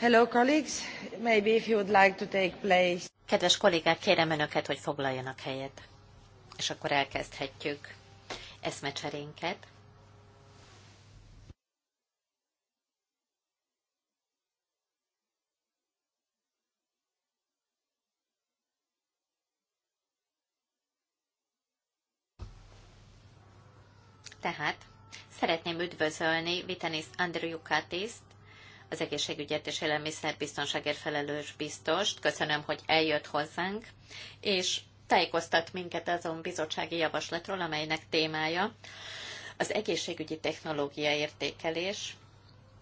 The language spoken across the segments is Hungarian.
Hello, colleagues. Maybe if you would like to take place. Kedves kollégák, kérem önöket, hogy foglaljanak helyet. És akkor elkezdhetjük eszmecserénket. Tehát szeretném üdvözölni Vitenis Andriukatis, az egészségügyért és élelmiszerbiztonságért felelős biztost. Köszönöm, hogy eljött hozzánk, és tájékoztat minket azon bizottsági javaslatról, amelynek témája az egészségügyi technológia értékelés,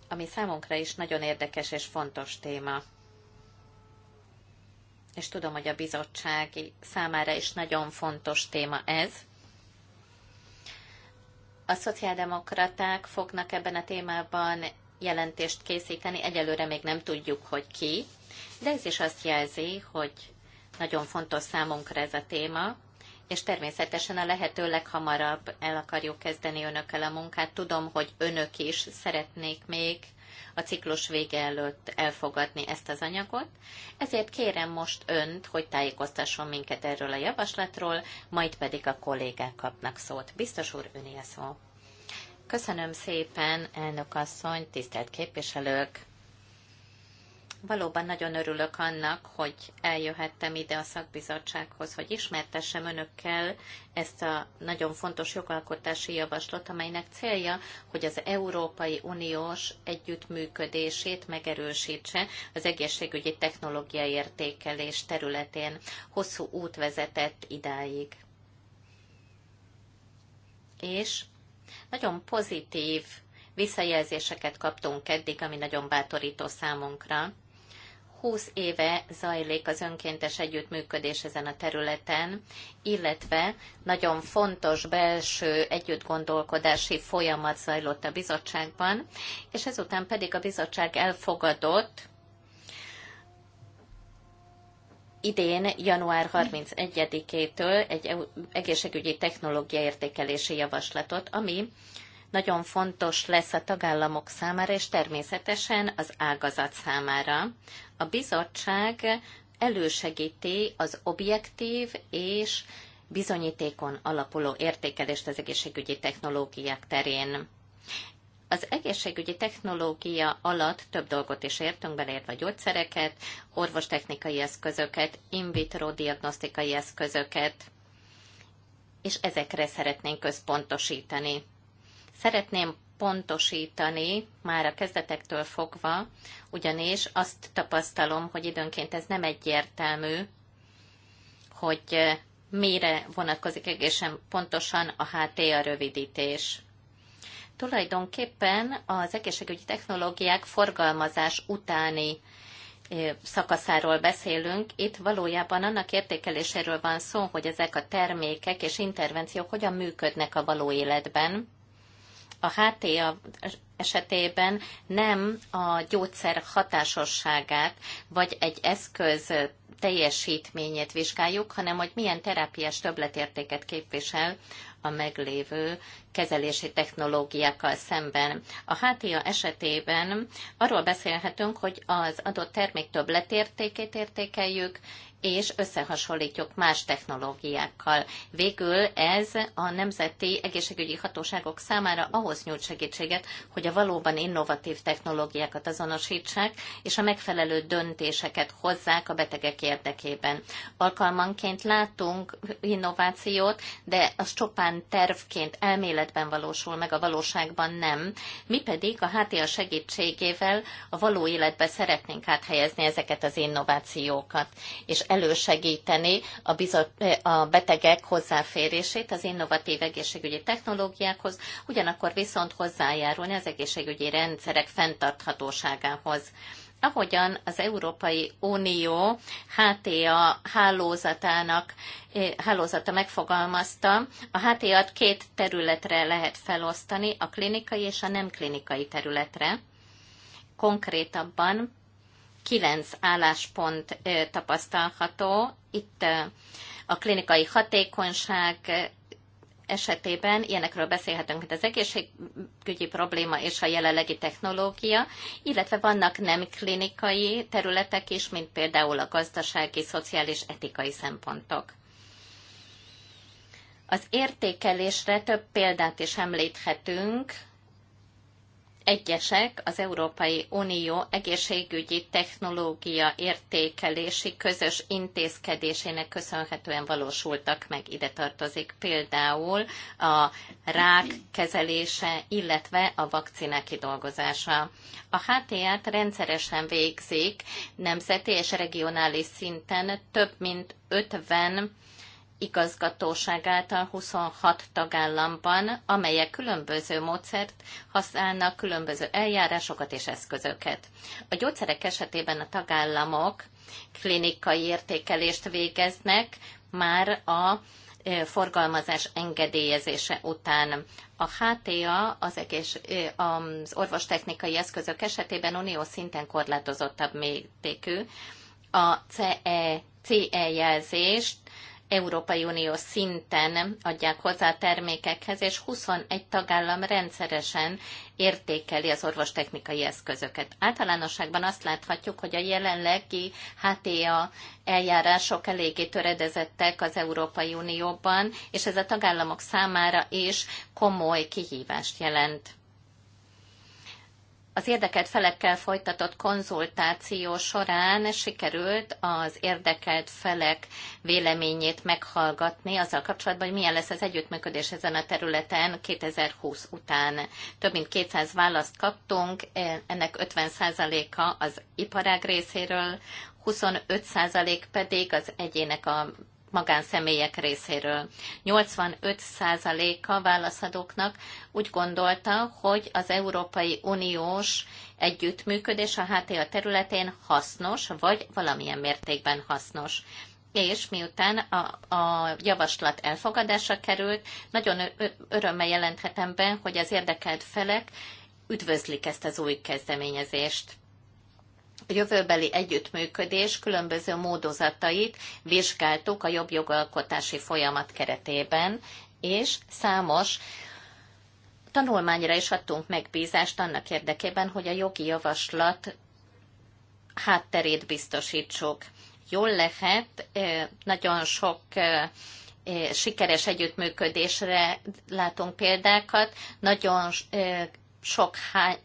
ami számunkra is nagyon érdekes és fontos téma. És tudom, hogy a bizottsági számára is nagyon fontos téma ez. A szociáldemokraták fognak ebben a témában jelentést készíteni, egyelőre még nem tudjuk, hogy ki, de ez is azt jelzi, hogy nagyon fontos számunkra ez a téma, és természetesen a lehető leghamarabb el akarjuk kezdeni önökkel a munkát. Tudom, hogy önök is szeretnék még a ciklus vége előtt elfogadni ezt az anyagot, ezért kérem most önt, hogy tájékoztasson minket erről a javaslatról, majd pedig a kollégák kapnak szót. Biztos úr, öné a szó. Köszönöm szépen, elnök asszony, tisztelt képviselők! Valóban nagyon örülök annak, hogy eljöhettem ide a szakbizottsághoz, hogy ismertessem önökkel ezt a nagyon fontos jogalkotási javaslatot, amelynek célja, hogy az Európai Uniós együttműködését megerősítse az egészségügyi technológia értékelés területén. Hosszú út vezetett idáig. És nagyon pozitív visszajelzéseket kaptunk eddig, ami nagyon bátorító számunkra. 20 éve zajlik az önkéntes együttműködés ezen a területen, illetve nagyon fontos belső együttgondolkodási folyamat zajlott a bizottságban, és ezután pedig a bizottság elfogadott idén, január 31-től egy e-, egészségügyi technológia értékelési javaslatot, ami nagyon fontos lesz a tagállamok számára, és természetesen az ágazat számára. A bizottság elősegíti az objektív és bizonyítékon alapuló értékelést az egészségügyi technológiák terén az egészségügyi technológia alatt több dolgot is értünk, beleértve a gyógyszereket, orvostechnikai eszközöket, in vitro diagnosztikai eszközöket, és ezekre szeretnénk központosítani. Szeretném pontosítani már a kezdetektől fogva, ugyanis azt tapasztalom, hogy időnként ez nem egyértelmű, hogy mire vonatkozik egészen pontosan a HTA rövidítés tulajdonképpen az egészségügyi technológiák forgalmazás utáni szakaszáról beszélünk. Itt valójában annak értékeléséről van szó, hogy ezek a termékek és intervenciók hogyan működnek a való életben. A HTA esetében nem a gyógyszer hatásosságát vagy egy eszköz teljesítményét vizsgáljuk, hanem hogy milyen terápiás többletértéket képvisel a meglévő kezelési technológiákkal szemben. A HTA esetében arról beszélhetünk, hogy az adott termék többletértékét értékeljük, és összehasonlítjuk más technológiákkal. Végül ez a nemzeti egészségügyi hatóságok számára ahhoz nyújt segítséget, hogy a valóban innovatív technológiákat azonosítsák, és a megfelelő döntéseket hozzák a betegek érdekében. Alkalmanként látunk innovációt, de az csopán tervként elméletben valósul meg, a valóságban nem. Mi pedig a HTA segítségével a való életbe szeretnénk áthelyezni ezeket az innovációkat. És elősegíteni a, bizot, a betegek hozzáférését az innovatív egészségügyi technológiákhoz, ugyanakkor viszont hozzájárulni az egészségügyi rendszerek fenntarthatóságához ahogyan az Európai Unió HTA hálózatának eh, hálózata megfogalmazta, a HTA-t két területre lehet felosztani, a klinikai és a nem klinikai területre. Konkrétabban kilenc álláspont tapasztalható. Itt a klinikai hatékonyság esetében ilyenekről beszélhetünk, mint az egészségügyi probléma és a jelenlegi technológia, illetve vannak nem klinikai területek is, mint például a gazdasági, szociális, etikai szempontok. Az értékelésre több példát is említhetünk, egyesek az Európai Unió egészségügyi technológia értékelési közös intézkedésének köszönhetően valósultak meg. Ide tartozik például a rák kezelése, illetve a vakcinák kidolgozása. A HTA-t rendszeresen végzik nemzeti és regionális szinten több mint 50 igazgatóság által 26 tagállamban, amelyek különböző módszert használnak, különböző eljárásokat és eszközöket. A gyógyszerek esetében a tagállamok klinikai értékelést végeznek már a forgalmazás engedélyezése után. A HTA az, egész, az orvostechnikai eszközök esetében unió szinten korlátozottabb mértékű. A CE, CE jelzést Európai Unió szinten adják hozzá a termékekhez, és 21 tagállam rendszeresen értékeli az orvostechnikai eszközöket. Általánosságban azt láthatjuk, hogy a jelenlegi HTA eljárások eléggé töredezettek az Európai Unióban, és ez a tagállamok számára is komoly kihívást jelent. Az érdekelt felekkel folytatott konzultáció során sikerült az érdekelt felek véleményét meghallgatni azzal kapcsolatban, hogy milyen lesz az együttműködés ezen a területen 2020 után. Több mint 200 választ kaptunk, e, ennek 50%-a az iparág részéről, 25% pedig az egyének a magánszemélyek részéről. 85%-a válaszadóknak úgy gondolta, hogy az Európai Uniós együttműködés a HTA területén hasznos, vagy valamilyen mértékben hasznos és miután a, a javaslat elfogadása került, nagyon örömmel jelenthetem be, hogy az érdekelt felek üdvözlik ezt az új kezdeményezést jövőbeli együttműködés különböző módozatait vizsgáltuk a jobb jogalkotási folyamat keretében, és számos tanulmányra is adtunk megbízást annak érdekében, hogy a jogi javaslat hátterét biztosítsuk. Jól lehet, nagyon sok sikeres együttműködésre látunk példákat, nagyon sok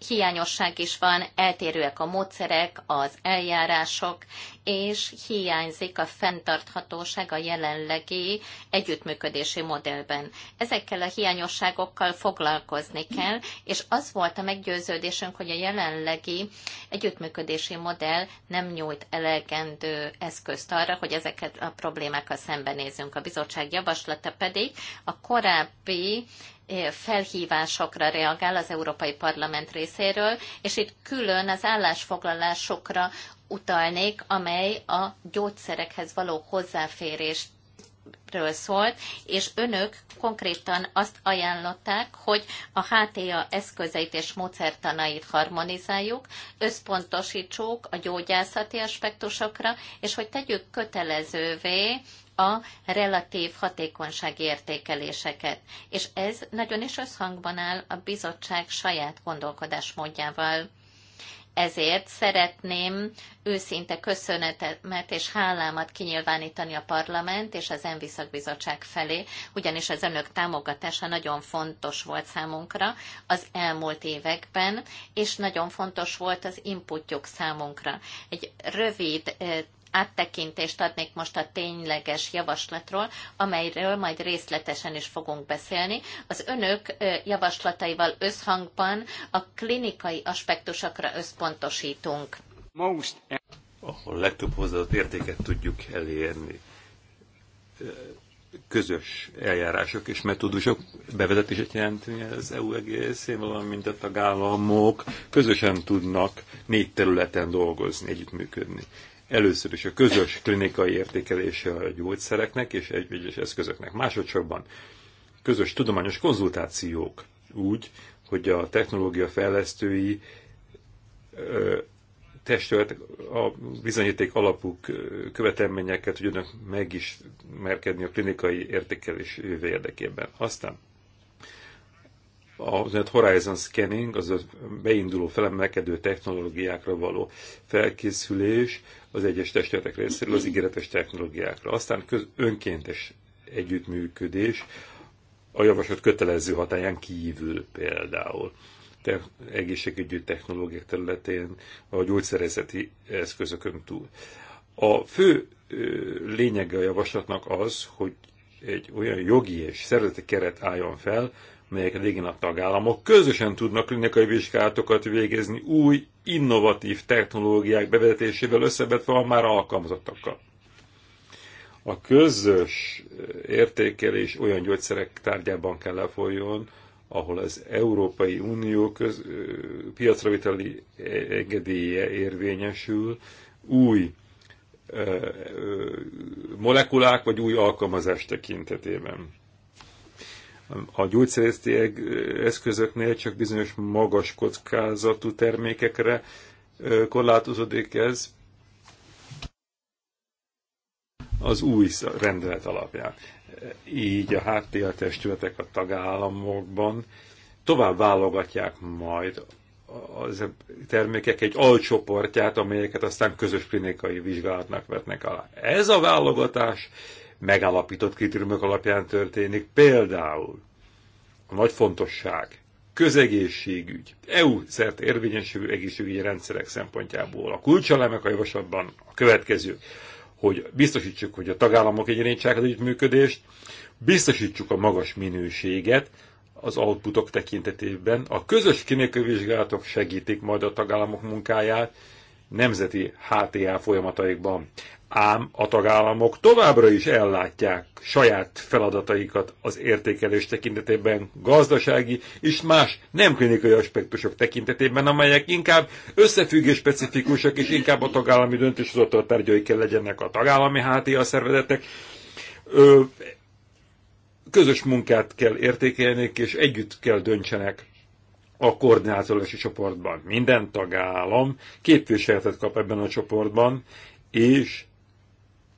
hiányosság is van, eltérőek a módszerek, az eljárások, és hiányzik a fenntarthatóság a jelenlegi együttműködési modellben. Ezekkel a hiányosságokkal foglalkozni kell, és az volt a meggyőződésünk, hogy a jelenlegi együttműködési modell nem nyújt elegendő eszközt arra, hogy ezeket a problémákkal szembenézünk. A bizottság javaslata pedig a korábbi felhívásokra reagál az Európai Parlament részéről, és itt külön az állásfoglalásokra utalnék, amely a gyógyszerekhez való hozzáférést ről szólt, és önök konkrétan azt ajánlották, hogy a HTA eszközeit és módszertanait harmonizáljuk, összpontosítsuk a gyógyászati aspektusokra, és hogy tegyük kötelezővé a relatív hatékonyság értékeléseket. És ez nagyon is összhangban áll a bizottság saját gondolkodásmódjával. Ezért szeretném őszinte köszönetemet és hálámat kinyilvánítani a parlament és az ENVI szakbizottság felé, ugyanis az önök támogatása nagyon fontos volt számunkra az elmúlt években, és nagyon fontos volt az inputjuk számunkra. Egy rövid eh, áttekintést adnék most a tényleges javaslatról, amelyről majd részletesen is fogunk beszélni. Az önök javaslataival összhangban a klinikai aspektusokra összpontosítunk. Most... E- a legtöbb hozzáadott értéket tudjuk elérni közös eljárások és metódusok bevezetését jelenteni az EU egészén, valamint a tagállamok közösen tudnak négy területen dolgozni, együttműködni. Először is a közös klinikai értékelése a gyógyszereknek és egyes eszközöknek. Másodszorban közös tudományos konzultációk úgy, hogy a technológia fejlesztői testület a bizonyíték alapú követelményeket tudjanak megismerkedni a klinikai értékelés érdekében. Aztán a Horizon Scanning, az a beinduló felemelkedő technológiákra való felkészülés, az egyes testületek részéről az ígéretes technológiákra. Aztán köz, önkéntes együttműködés a javaslat kötelező hatáján kívül például te, egészségügyi technológiák területén, a gyógyszerezeti eszközökön túl. A fő ö, lényege a javaslatnak az, hogy egy olyan jogi és szervezeti keret álljon fel, melyek régen a tagállamok közösen tudnak klinikai vizsgálatokat végezni új, innovatív technológiák bevezetésével összevetve a már alkalmazottakkal. A közös eh, értékelés olyan gyógyszerek tárgyában kell lefolyjon, ahol az Európai Unió köz, eh, piacraviteli engedélye érvényesül, új ö, eh, ö, molekulák vagy új alkalmazás tekintetében a gyógyszerészeti eszközöknél csak bizonyos magas kockázatú termékekre korlátozódik ez az új rendelet alapján. Így a háttértestületek a tagállamokban tovább válogatják majd az termékek egy alcsoportját, amelyeket aztán közös klinikai vizsgálatnak vetnek alá. Ez a válogatás megállapított kritériumok alapján történik. Például a nagy fontosság, közegészségügy, EU szert érvényesülő egészségügyi rendszerek szempontjából. A kulcselemek a javaslatban a következő, hogy biztosítsuk, hogy a tagállamok egyenlítsák az együttműködést, biztosítsuk a magas minőséget, az outputok tekintetében. A közös kinélkövizsgálatok segítik majd a tagállamok munkáját nemzeti HTA folyamataikban ám a tagállamok továbbra is ellátják saját feladataikat az értékelés tekintetében, gazdasági és más nem klinikai aspektusok tekintetében, amelyek inkább összefüggés specifikusak és inkább a tagállami döntéshozatal tárgyai kell legyenek a tagállami a szervezetek. Ö, közös munkát kell értékelni, és együtt kell döntsenek a koordinátorási csoportban. Minden tagállam képviseletet kap ebben a csoportban, és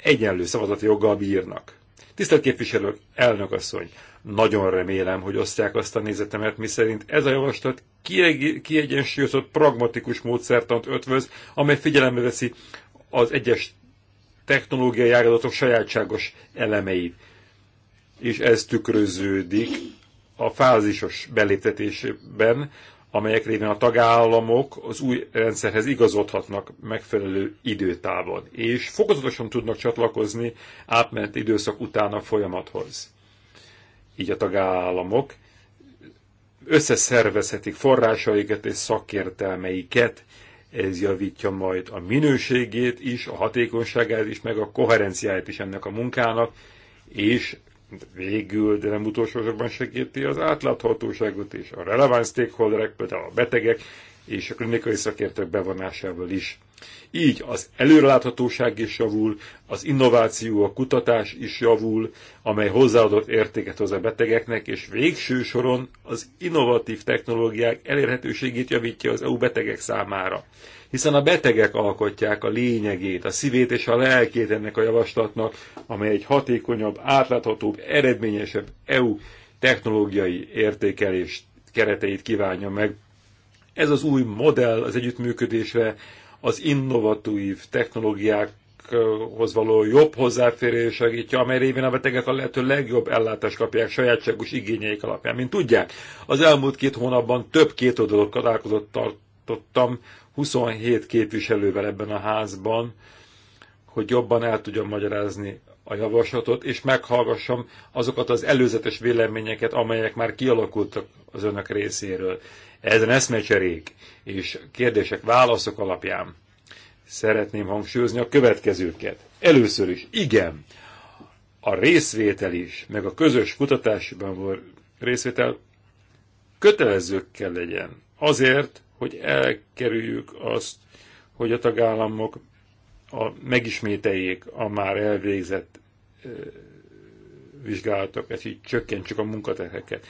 egyenlő szavazati joggal bírnak. Tisztelt képviselők, elnök asszony, nagyon remélem, hogy osztják azt a nézetemet, miszerint ez a javaslat kiegyensúlyozott pragmatikus módszertant ötvöz, amely figyelembe veszi az egyes technológiai ágazatok sajátságos elemeit. És ez tükröződik a fázisos beléptetésben amelyek révén a tagállamok az új rendszerhez igazodhatnak megfelelő időtávon, és fokozatosan tudnak csatlakozni átment időszak után a folyamathoz. Így a tagállamok összeszervezhetik forrásaikat és szakértelmeiket, ez javítja majd a minőségét is, a hatékonyságát is, meg a koherenciáját is ennek a munkának, és végül, de nem utolsó sorban segíti az átláthatóságot és a releváns stakeholderek, például a betegek és a klinikai szakértők bevonásával is. Így az előreláthatóság is javul, az innováció, a kutatás is javul, amely hozzáadott értéket hoz a betegeknek, és végső soron az innovatív technológiák elérhetőségét javítja az EU betegek számára hiszen a betegek alkotják a lényegét, a szívét és a lelkét ennek a javaslatnak, amely egy hatékonyabb, átláthatóbb, eredményesebb EU technológiai értékelés kereteit kívánja meg. Ez az új modell az együttműködésre, az innovatív technológiákhoz való jobb hozzáférés segítje, amely révén a betegek a lehető legjobb ellátást kapják sajátságos igényeik alapján. Mint tudják, az elmúlt két hónapban több kétoldalú találkozót tart, tartottam 27 képviselővel ebben a házban, hogy jobban el tudjam magyarázni a javaslatot, és meghallgassam azokat az előzetes véleményeket, amelyek már kialakultak az önök részéről. Ezen eszmecserék és kérdések, válaszok alapján szeretném hangsúlyozni a következőket. Először is, igen, a részvétel is, meg a közös kutatásban volt részvétel kötelező kell legyen. Azért, hogy elkerüljük azt, hogy a tagállamok a, megismételjék a már elvégzett vizsgálatok, vizsgálatokat, így csökkentsük a munkaterheket.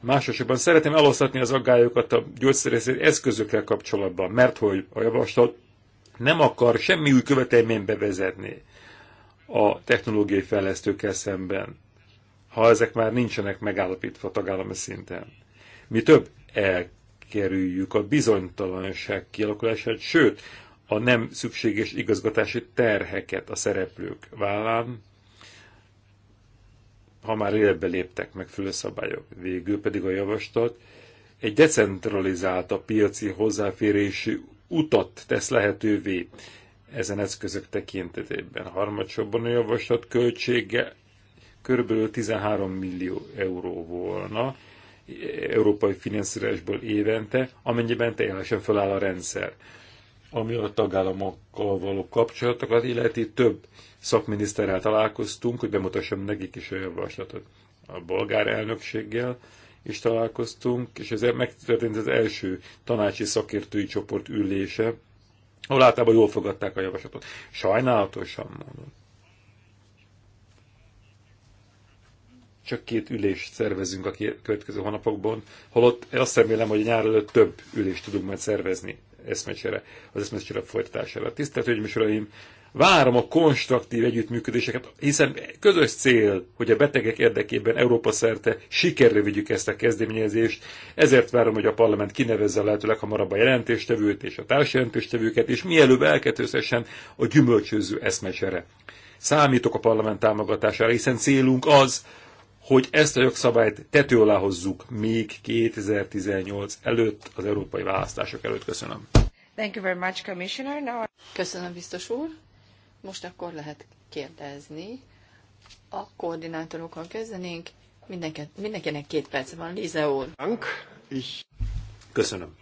Másosabban szeretem eloszlatni az aggályokat a gyógyszerészeti eszközökkel kapcsolatban, mert hogy a javaslat nem akar semmi új követelményt bevezetni a technológiai fejlesztőkkel szemben, ha ezek már nincsenek megállapítva tagállami szinten. Mi több, el elkerüljük a bizonytalanság kialakulását, sőt, a nem szükséges igazgatási terheket a szereplők vállán, ha már életbe léptek meg szabályok. Végül pedig a javaslat egy decentralizált a piaci hozzáférési utat tesz lehetővé ezen eszközök tekintetében. Harmadsorban a javaslat költsége körülbelül 13 millió euró volna, európai finanszírozásból évente, amennyiben teljesen feláll a rendszer. Ami a tagállamokkal való kapcsolatokat illeti, több szakminiszterrel találkoztunk, hogy bemutassam nekik is a javaslatot. A bolgár elnökséggel is találkoztunk, és ez megtörtént az első tanácsi szakértői csoport ülése, ahol általában jól fogadták a javaslatot. Sajnálatosan mondom csak két ülést szervezünk a következő hónapokban, holott azt remélem, hogy nyár előtt több ülést tudunk majd szervezni eszmecsere, az eszmecsere folytatására. Tisztelt Hölgyeim várom a konstruktív együttműködéseket, hiszen közös cél, hogy a betegek érdekében Európa szerte sikerre vigyük ezt a kezdeményezést, ezért várom, hogy a parlament kinevezze lehetőleg hamarabb a jelentéstevőt és a társjelentéstevőket, és mielőbb elkezdhessen a gyümölcsöző eszmecsere. Számítok a parlament támogatására, hiszen célunk az, hogy ezt a jogszabályt tető alá hozzuk még 2018 előtt, az európai választások előtt. Köszönöm. Thank you very much, Commissioner. Now... Köszönöm, biztos úr. Most akkor lehet kérdezni. A koordinátorokkal kezdenénk. Mindenke, mindenkinek két perc van. Lize úr. Köszönöm.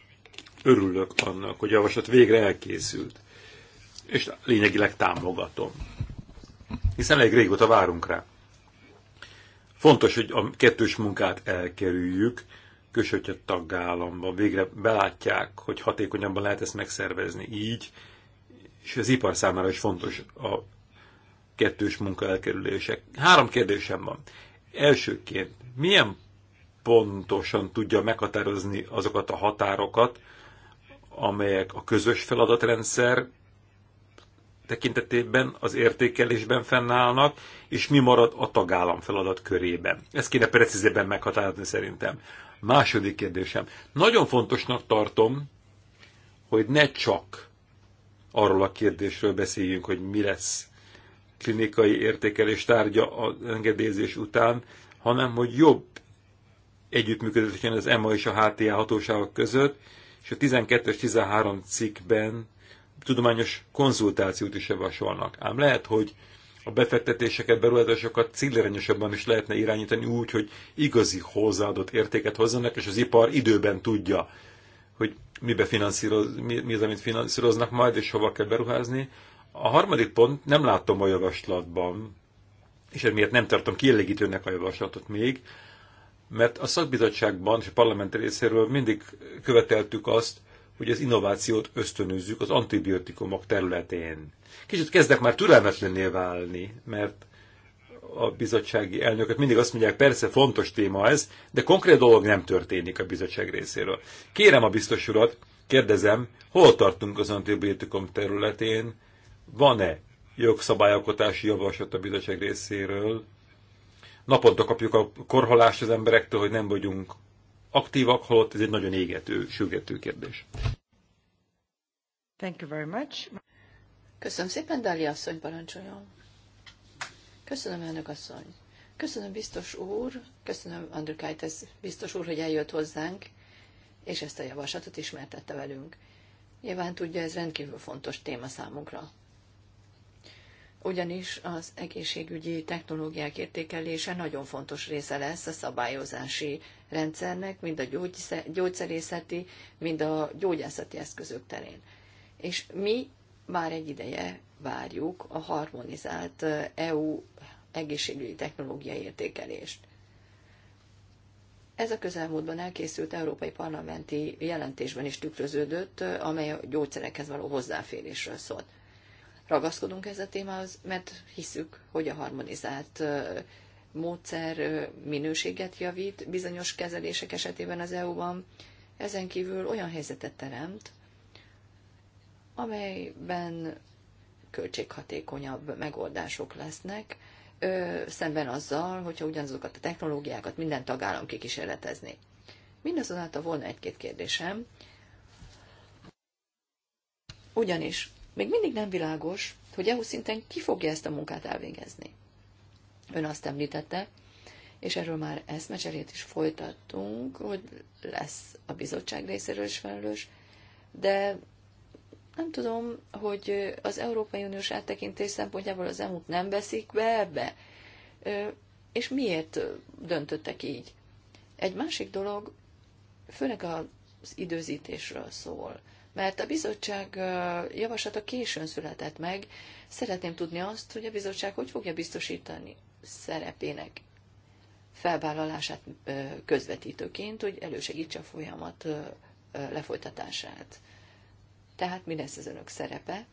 Örülök annak, hogy a javaslat végre elkészült. És lényegileg támogatom. Hiszen elég régóta várunk rá Fontos, hogy a kettős munkát elkerüljük, kösötje hogy a végre belátják, hogy hatékonyabban lehet ezt megszervezni így, és az ipar számára is fontos a kettős munka elkerülése. Három kérdésem van. Elsőként, milyen pontosan tudja meghatározni azokat a határokat, amelyek a közös feladatrendszer tekintetében, az értékelésben fennállnak, és mi marad a tagállam feladat körében. Ezt kéne precízebben meghatározni szerintem. Második kérdésem. Nagyon fontosnak tartom, hogy ne csak arról a kérdésről beszéljünk, hogy mi lesz klinikai értékelés tárgya az engedélyezés után, hanem hogy jobb együttműködés az EMA és a HTA hatóságok között, és a 12-es 13 cikkben tudományos konzultációt is javasolnak. Ám lehet, hogy a befektetéseket, beruházásokat célirányosabban is lehetne irányítani úgy, hogy igazi hozzáadott értéket hozzanak, és az ipar időben tudja, hogy mibe finanszíroz, mi, mi az, amit finanszíroznak majd, és hova kell beruházni. A harmadik pont nem látom a javaslatban, és miért nem tartom kielégítőnek a javaslatot még, mert a szakbizottságban és a parlament részéről mindig követeltük azt, hogy az innovációt ösztönözzük az antibiotikumok területén. Kicsit kezdek már türelmetlenné válni, mert a bizottsági elnököt mindig azt mondják, persze fontos téma ez, de konkrét dolog nem történik a bizottság részéről. Kérem a biztos urat, kérdezem, hol tartunk az antibiotikum területén, van-e jogszabályalkotási javaslat a bizottság részéről, naponta kapjuk a korhalást az emberektől, hogy nem vagyunk aktívak, holott ez egy nagyon égető, sürgető kérdés. Thank you very much. Köszönöm szépen, Dália asszony, parancsoljon. Köszönöm, elnök asszony. Köszönöm, biztos úr, köszönöm, Kajtesz, biztos úr, hogy eljött hozzánk, és ezt a javaslatot ismertette velünk. Nyilván tudja, ez rendkívül fontos téma számunkra. Ugyanis az egészségügyi technológiák értékelése nagyon fontos része lesz a szabályozási rendszernek, mind a gyógyszerészeti, mind a gyógyászati eszközök terén. És mi már egy ideje várjuk a harmonizált EU egészségügyi technológia értékelést. Ez a közelmúltban elkészült európai parlamenti jelentésben is tükröződött, amely a gyógyszerekhez való hozzáférésről szólt. Ragaszkodunk ez a témához, mert hiszük, hogy a harmonizált módszer minőséget javít bizonyos kezelések esetében az EU-ban, ezen kívül olyan helyzetet teremt, amelyben költséghatékonyabb megoldások lesznek, ö, szemben azzal, hogyha ugyanazokat a technológiákat minden tagállam kikísérletezné. Mindazonáltal volna egy-két kérdésem, ugyanis még mindig nem világos, hogy EU szinten ki fogja ezt a munkát elvégezni ön azt említette, és erről már eszmecserét is folytattunk, hogy lesz a bizottság részéről is felelős, de nem tudom, hogy az Európai Uniós áttekintés szempontjából az EMU-t nem veszik be ebbe, és miért döntöttek így. Egy másik dolog, főleg az időzítésről szól, mert a bizottság javaslata későn született meg, szeretném tudni azt, hogy a bizottság hogy fogja biztosítani szerepének felvállalását közvetítőként, hogy elősegítse a folyamat lefolytatását. Tehát mi lesz az önök szerepe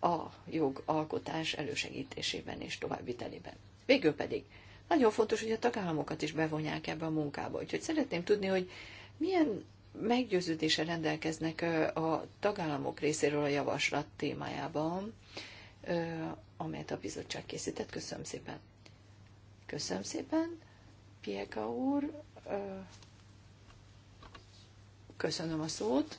a jogalkotás elősegítésében és továbbvitelében. Végül pedig nagyon fontos, hogy a tagállamokat is bevonják ebbe a munkába. Úgyhogy szeretném tudni, hogy milyen meggyőződése rendelkeznek a tagállamok részéről a javaslat témájában, amelyet a bizottság készített. Köszönöm szépen. Köszönöm szépen, Pieka úr. Köszönöm a szót.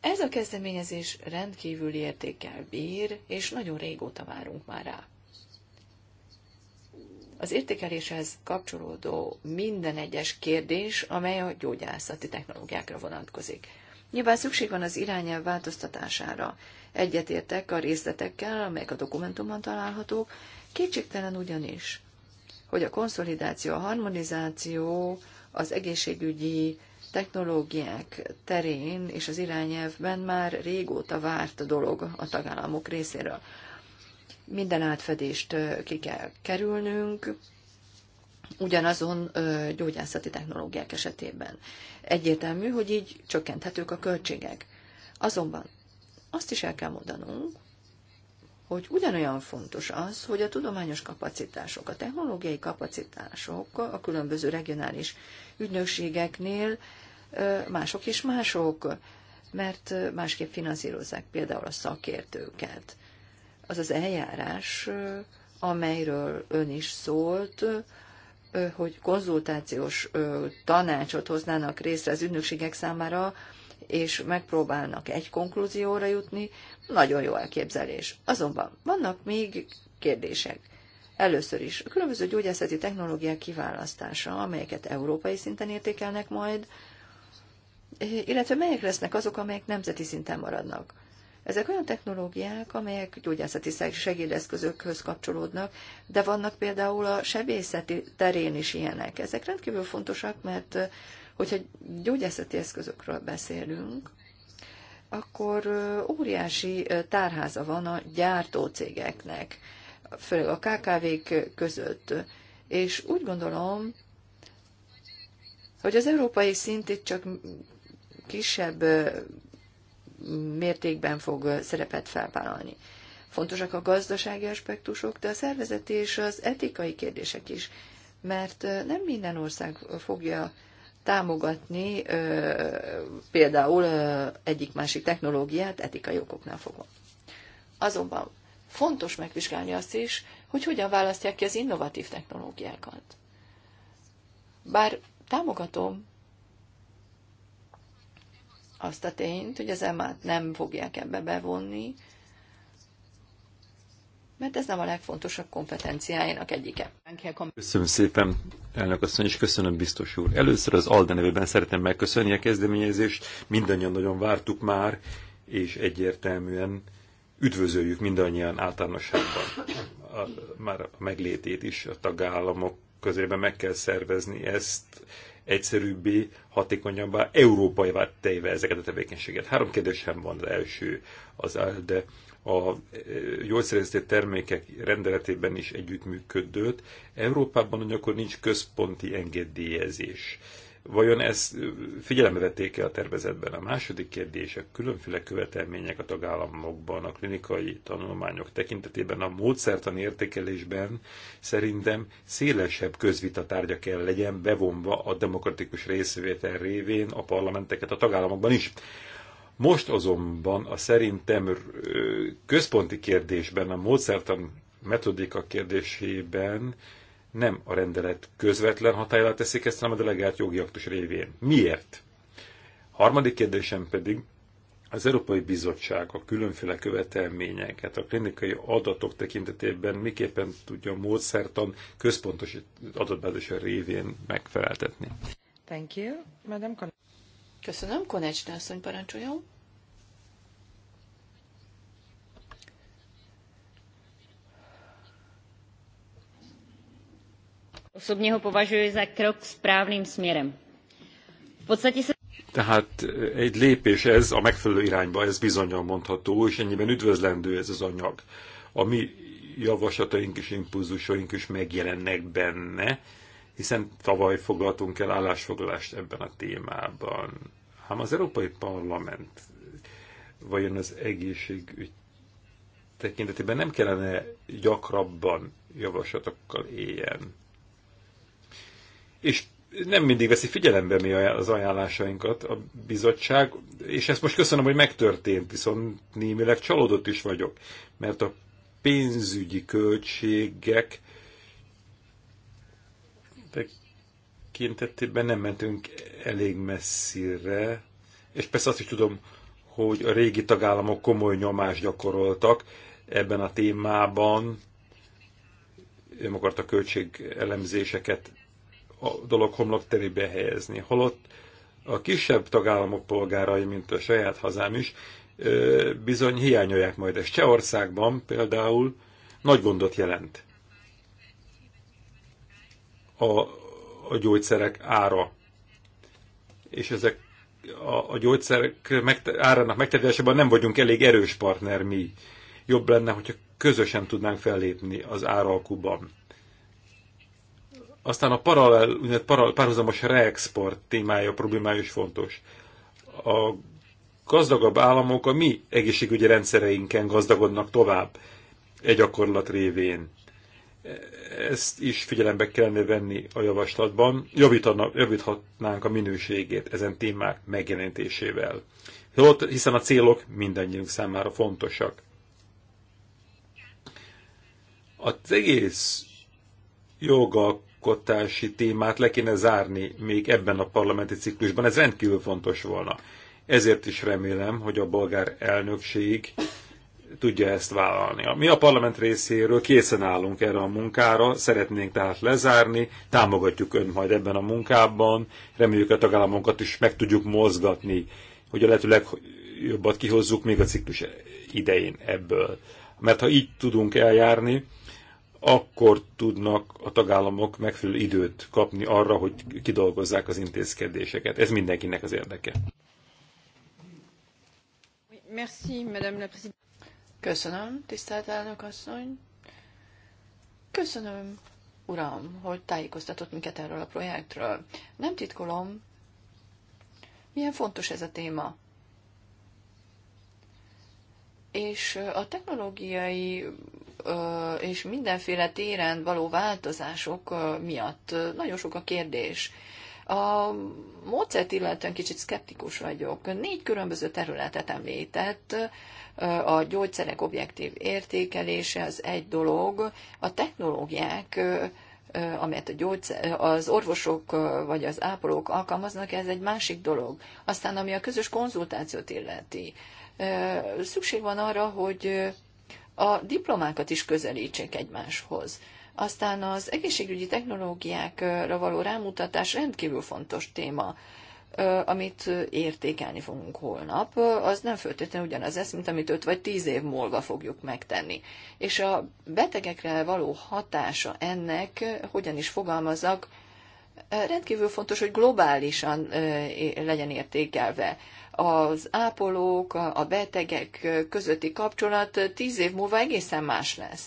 Ez a kezdeményezés rendkívüli értékkel bír, és nagyon régóta várunk már rá. Az értékeléshez kapcsolódó minden egyes kérdés, amely a gyógyászati technológiákra vonatkozik. Nyilván szükség van az irányelv változtatására, Egyetértek a részletekkel, amelyek a dokumentumban találhatók, kétségtelen ugyanis, hogy a konszolidáció, a harmonizáció az egészségügyi technológiák terén és az irányelvben már régóta várt dolog a tagállamok részéről. Minden átfedést ki kell kerülnünk, ugyanazon gyógyászati technológiák esetében. Egyértelmű, hogy így csökkenthetők a költségek. Azonban azt is el kell mondanunk, hogy ugyanolyan fontos az, hogy a tudományos kapacitások, a technológiai kapacitások a különböző regionális ügynökségeknél mások és mások, mert másképp finanszírozzák például a szakértőket. Az az eljárás, amelyről ön is szólt, hogy konzultációs tanácsot hoznának részre az ügynökségek számára, és megpróbálnak egy konklúzióra jutni, nagyon jó elképzelés. Azonban vannak még kérdések. Először is a különböző gyógyászati technológiák kiválasztása, amelyeket európai szinten értékelnek majd, illetve melyek lesznek azok, amelyek nemzeti szinten maradnak. Ezek olyan technológiák, amelyek gyógyászati segédeszközökhöz kapcsolódnak, de vannak például a sebészeti terén is ilyenek. Ezek rendkívül fontosak, mert Hogyha gyógyászati eszközökről beszélünk, akkor óriási tárháza van a gyártócégeknek, főleg a KKV-k között. És úgy gondolom, hogy az európai szint itt csak kisebb mértékben fog szerepet felvállalni. Fontosak a gazdasági aspektusok, de a szervezeti és az etikai kérdések is, mert nem minden ország fogja támogatni például egyik-másik technológiát etikai okoknál fogva. Azonban fontos megvizsgálni azt is, hogy hogyan választják ki az innovatív technológiákat. Bár támogatom azt a tényt, hogy az emát nem fogják ebbe bevonni, mert ez nem a legfontosabb kompetenciájának egyike. Köszönöm szépen, elnök asszony, és köszönöm biztos úr. Először az ALDE nevében szeretném megköszönni a kezdeményezést, mindannyian nagyon vártuk már, és egyértelműen üdvözöljük mindannyian általánosságban a, már a meglétét is a tagállamok közében meg kell szervezni ezt egyszerűbbé, hatékonyabbá, európai téve ezeket a tevékenységet. Három kérdésem van az első, az de a e, gyógyszerészeti termékek rendeletében is együttműködött. Európában akkor nincs központi engedélyezés. Vajon ezt e, figyelembe vették-e a tervezetben? A második kérdés a különféle követelmények a tagállamokban, a klinikai tanulmányok tekintetében, a módszertan értékelésben szerintem szélesebb közvita tárgya kell legyen bevonva a demokratikus részvétel révén a parlamenteket a tagállamokban is. Most azonban a szerintem központi kérdésben, a módszertan metodika kérdésében nem a rendelet közvetlen hatályát teszik ezt, hanem a delegált jogi aktus révén. Miért? Harmadik kérdésem pedig, az Európai Bizottság a különféle követelményeket a klinikai adatok tekintetében miképpen tudja a módszertan központos adatbázisa révén megfeleltetni. Thank you, Madam Köszönöm, Konecsne asszony parancsoljon. Osobně ho považuji za krok správným směrem. V podstatě se... Tehát eh, egy lépés ez a megfelelő irányba, ez bizonyal mondható, és ennyiben üdvözlendő ez az anyag. A mi javaslataink és impulzusaink is megjelennek benne, hiszen tavaly foglaltunk el állásfoglalást ebben a témában. Ám az Európai Parlament vajon az egészségügy tekintetében nem kellene gyakrabban javaslatokkal éljen. És nem mindig veszi figyelembe mi az ajánlásainkat a bizottság, és ezt most köszönöm, hogy megtörtént, viszont némileg csalódott is vagyok, mert a pénzügyi költségek tekintetében nem mentünk elég messzire, és persze azt is tudom, hogy a régi tagállamok komoly nyomást gyakoroltak ebben a témában, önmagart a költségelemzéseket a dolog terébe helyezni. Holott a kisebb tagállamok polgárai, mint a saját hazám is, bizony hiányolják majd ezt. Csehországban például nagy gondot jelent a, a gyógyszerek ára. És ezek a, a gyógyszerek megte, árának megtervezésében nem vagyunk elég erős partner mi. Jobb lenne, hogyha közösen tudnánk fellépni az áralkuban. Aztán a paralel, úgynevezett párhuzamos reexport témája, problémája is fontos. A gazdagabb államok a mi egészségügyi rendszereinken gazdagodnak tovább egy gyakorlat révén ezt is figyelembe kellene venni a javaslatban, javíthatnánk a minőségét ezen témák megjelenítésével. Hiszen a célok mindannyiunk számára fontosak. Az egész jogalkotási témát le kéne zárni még ebben a parlamenti ciklusban, ez rendkívül fontos volna. Ezért is remélem, hogy a bolgár elnökség tudja ezt vállalni. Mi a parlament részéről készen állunk erre a munkára, szeretnénk tehát lezárni, támogatjuk ön majd ebben a munkában, reméljük a tagállamokat is meg tudjuk mozgatni, hogy a lehető legjobbat kihozzuk még a ciklus idején ebből. Mert ha így tudunk eljárni, akkor tudnak a tagállamok megfelelő időt kapni arra, hogy kidolgozzák az intézkedéseket. Ez mindenkinek az érdeke. Köszönöm, tisztelt elnök asszony. Köszönöm, uram, hogy tájékoztatott minket erről a projektről. Nem titkolom, milyen fontos ez a téma. És a technológiai és mindenféle téren való változások miatt nagyon sok a kérdés. A módszert illetően kicsit szkeptikus vagyok. Négy különböző területet említett, a gyógyszerek objektív értékelése az egy dolog, a technológiák, amelyet a gyógyszer, az orvosok vagy az ápolók alkalmaznak, ez egy másik dolog. Aztán, ami a közös konzultációt illeti, szükség van arra, hogy a diplomákat is közelítsék egymáshoz. Aztán az egészségügyi technológiákra való rámutatás rendkívül fontos téma amit értékelni fogunk holnap, az nem föltétlenül ugyanaz lesz, mint amit 5 vagy 10 év múlva fogjuk megtenni. És a betegekre való hatása ennek, hogyan is fogalmazak, rendkívül fontos, hogy globálisan legyen értékelve. Az ápolók, a betegek közötti kapcsolat tíz év múlva egészen más lesz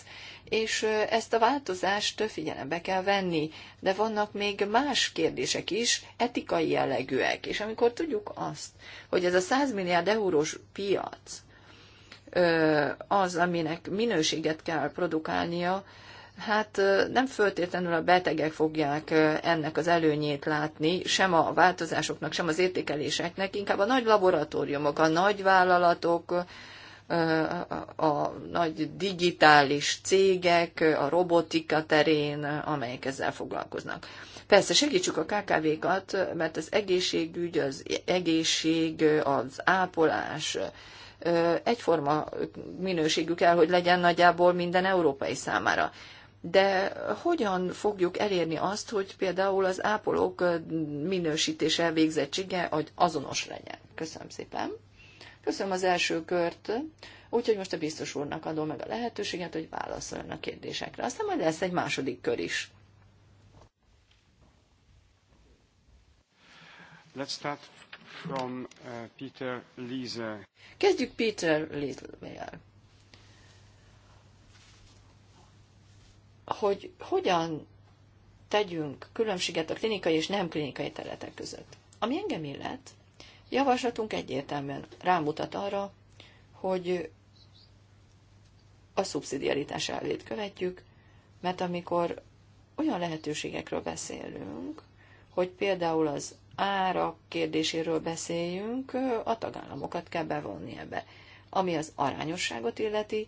és ezt a változást figyelembe kell venni. De vannak még más kérdések is, etikai jellegűek. És amikor tudjuk azt, hogy ez a 100 milliárd eurós piac az, aminek minőséget kell produkálnia, hát nem föltétlenül a betegek fogják ennek az előnyét látni, sem a változásoknak, sem az értékeléseknek, inkább a nagy laboratóriumok, a nagy vállalatok, a nagy digitális cégek, a robotika terén, amelyek ezzel foglalkoznak. Persze segítsük a KKV-kat, mert az egészségügy, az egészség, az ápolás egyforma minőségű kell, hogy legyen nagyjából minden európai számára. De hogyan fogjuk elérni azt, hogy például az ápolók minősítése, végzettsége azonos legyen? Köszönöm szépen! Köszönöm az első kört, úgyhogy most a biztos úrnak adom meg a lehetőséget, hogy válaszoljon a kérdésekre. Aztán majd lesz egy második kör is. Let's start from uh, Peter Liese. Kezdjük Peter liese Hogy hogyan tegyünk különbséget a klinikai és nem klinikai területek között. Ami engem illet, Javaslatunk egyértelműen rámutat arra, hogy a szubszidiaritás elvét követjük, mert amikor olyan lehetőségekről beszélünk, hogy például az árak kérdéséről beszéljünk, a tagállamokat kell bevonni ebbe. Ami az arányosságot illeti,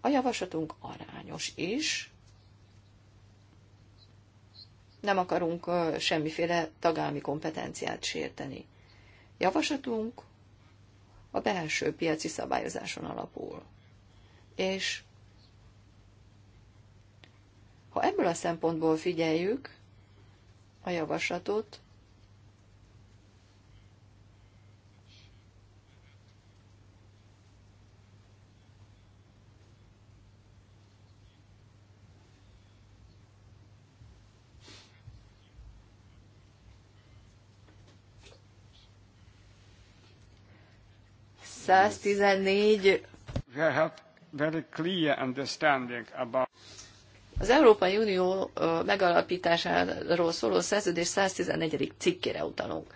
a javaslatunk arányos is. Nem akarunk semmiféle tagállami kompetenciát sérteni. Javaslatunk a belső piaci szabályozáson alapul. És ha ebből a szempontból figyeljük a javaslatot, 114 az Európai Unió megalapításáról szóló szerződés 114. cikkére utalunk.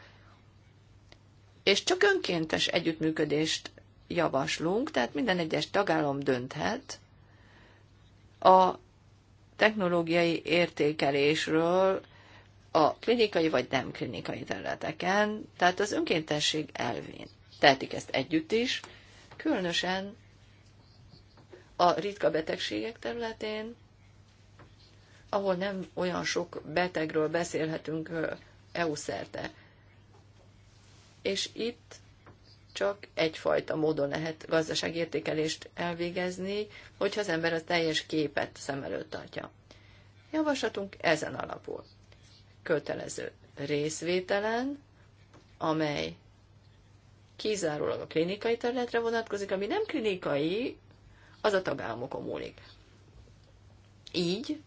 És csak önkéntes együttműködést javaslunk, tehát minden egyes tagállam dönthet a technológiai értékelésről a klinikai vagy nem klinikai területeken, tehát az önkéntesség elvén tehetik ezt együtt is, különösen a ritka betegségek területén, ahol nem olyan sok betegről beszélhetünk EU szerte. És itt csak egyfajta módon lehet gazdaságértékelést elvégezni, hogyha az ember a teljes képet szem előtt tartja. Javaslatunk ezen alapul. Kötelező részvételen, amely kizárólag a klinikai területre vonatkozik, ami nem klinikai, az a tagállamokon múlik. Így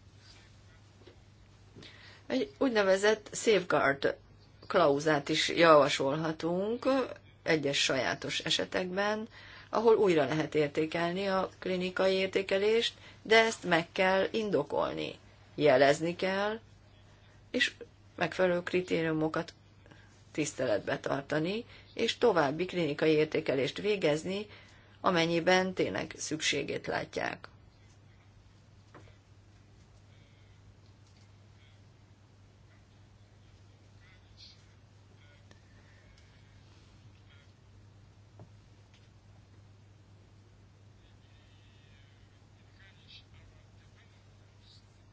egy úgynevezett safeguard klauzát is javasolhatunk egyes sajátos esetekben, ahol újra lehet értékelni a klinikai értékelést, de ezt meg kell indokolni, jelezni kell, és megfelelő kritériumokat tiszteletbe tartani, és további klinikai értékelést végezni, amennyiben tényleg szükségét látják.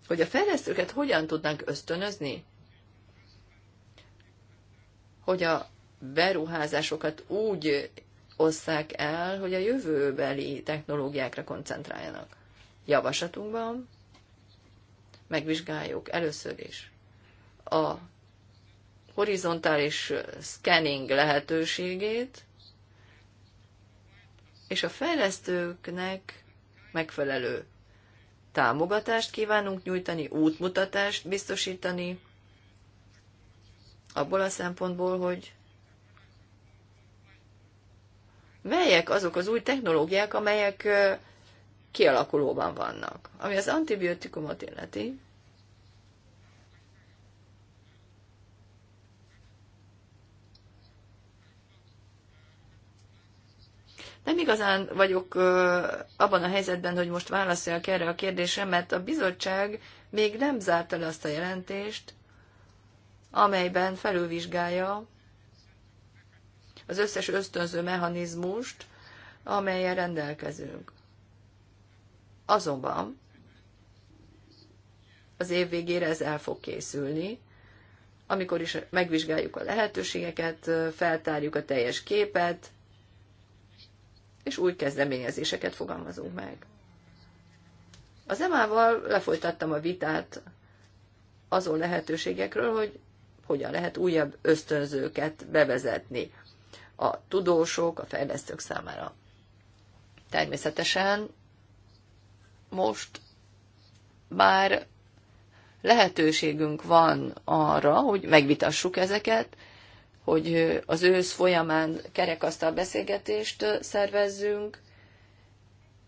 Hogy a fejlesztőket hogyan tudnánk ösztönözni? Hogy a beruházásokat úgy osszák el, hogy a jövőbeli technológiákra koncentráljanak. Javaslatunkban megvizsgáljuk először is a horizontális scanning lehetőségét, és a fejlesztőknek megfelelő támogatást kívánunk nyújtani, útmutatást biztosítani, abból a szempontból, hogy melyek azok az új technológiák, amelyek kialakulóban vannak. Ami az antibiotikumot illeti, nem igazán vagyok abban a helyzetben, hogy most válaszoljak erre a kérdésre, mert a bizottság még nem zárta le azt a jelentést, amelyben felülvizsgálja az összes ösztönző mechanizmust, amelyen rendelkezünk. Azonban az év végére ez el fog készülni, amikor is megvizsgáljuk a lehetőségeket, feltárjuk a teljes képet, és új kezdeményezéseket fogalmazunk meg. Az emával lefolytattam a vitát azon lehetőségekről, hogy hogyan lehet újabb ösztönzőket bevezetni a tudósok, a fejlesztők számára. Természetesen most már lehetőségünk van arra, hogy megvitassuk ezeket, hogy az ősz folyamán kerekasztal beszélgetést szervezzünk,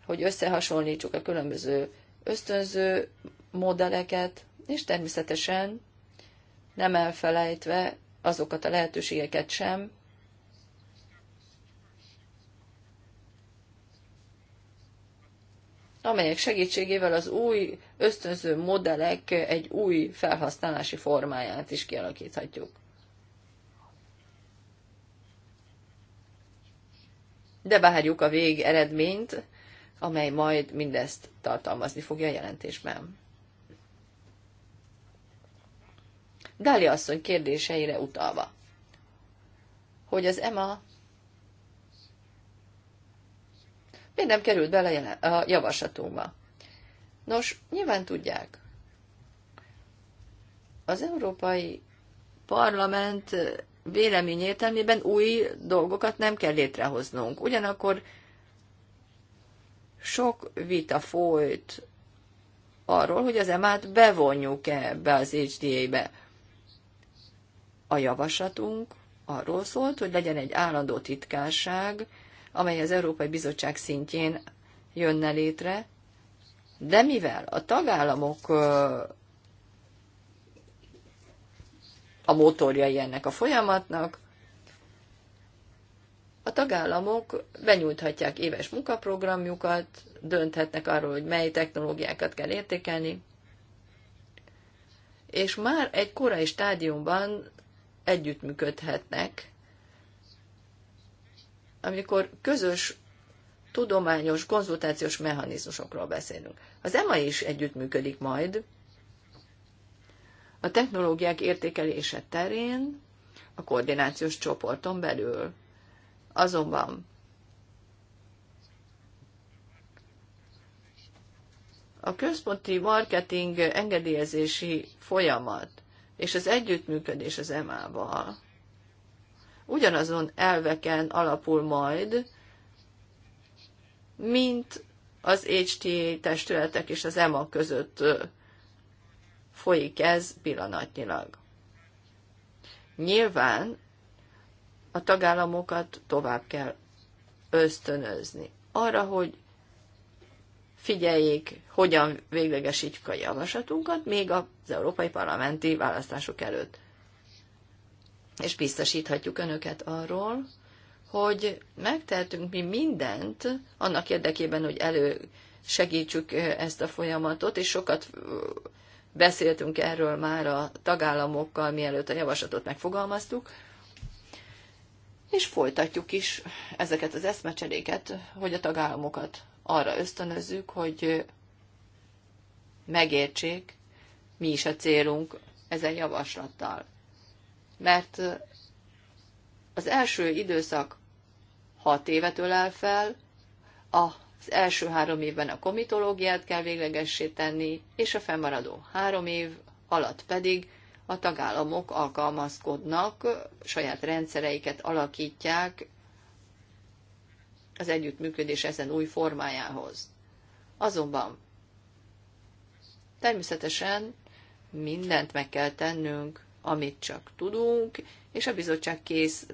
hogy összehasonlítsuk a különböző ösztönző modelleket, és természetesen nem elfelejtve azokat a lehetőségeket sem, amelyek segítségével az új ösztönző modellek egy új felhasználási formáját is kialakíthatjuk. De várjuk a vég eredményt, amely majd mindezt tartalmazni fogja a jelentésben. Dália asszony kérdéseire utalva, hogy az EMA Miért nem került bele a javaslatunkba? Nos, nyilván tudják. Az Európai Parlament vélemény értelmében új dolgokat nem kell létrehoznunk. Ugyanakkor sok vita folyt arról, hogy az emát bevonjuk be az HDA-be. A javaslatunk arról szólt, hogy legyen egy állandó titkárság, amely az Európai Bizottság szintjén jönne létre, de mivel a tagállamok a motorjai ennek a folyamatnak, a tagállamok benyújthatják éves munkaprogramjukat, dönthetnek arról, hogy mely technológiákat kell értékelni, és már egy korai stádiumban együttműködhetnek amikor közös tudományos, konzultációs mechanizmusokról beszélünk. Az EMA is együttműködik majd a technológiák értékelése terén, a koordinációs csoporton belül. Azonban a központi marketing engedélyezési folyamat és az együttműködés az EMA-val ugyanazon elveken alapul majd, mint az HTA testületek és az EMA között folyik ez pillanatnyilag. Nyilván a tagállamokat tovább kell ösztönözni arra, hogy figyeljék, hogyan véglegesítjük a javaslatunkat, még az európai parlamenti választások előtt és biztosíthatjuk önöket arról, hogy megtehetünk mi mindent annak érdekében, hogy elő segítsük eh, ezt a folyamatot, és sokat eh, beszéltünk erről már a tagállamokkal, mielőtt a javaslatot megfogalmaztuk, és folytatjuk is ezeket az eszmecseréket, hogy a tagállamokat arra ösztönözzük, hogy eh, megértsék, mi is a célunk ezen javaslattal mert az első időszak hat évet ölel fel, az első három évben a komitológiát kell véglegessé tenni, és a fennmaradó három év alatt pedig a tagállamok alkalmazkodnak, saját rendszereiket alakítják az együttműködés ezen új formájához. Azonban természetesen mindent meg kell tennünk amit csak tudunk, és a bizottság kész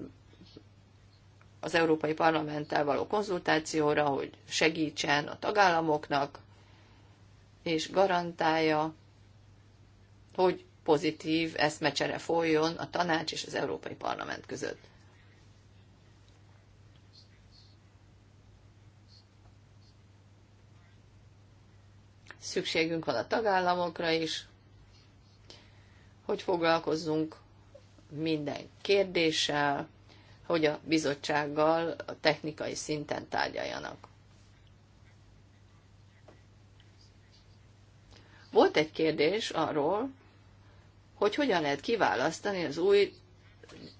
az Európai Parlamenttel való konzultációra, hogy segítsen a tagállamoknak, és garantálja, hogy pozitív eszmecsere folyjon a tanács és az Európai Parlament között. Szükségünk van a tagállamokra is, hogy foglalkozzunk minden kérdéssel, hogy a bizottsággal a technikai szinten tárgyaljanak. Volt egy kérdés arról, hogy hogyan lehet kiválasztani az új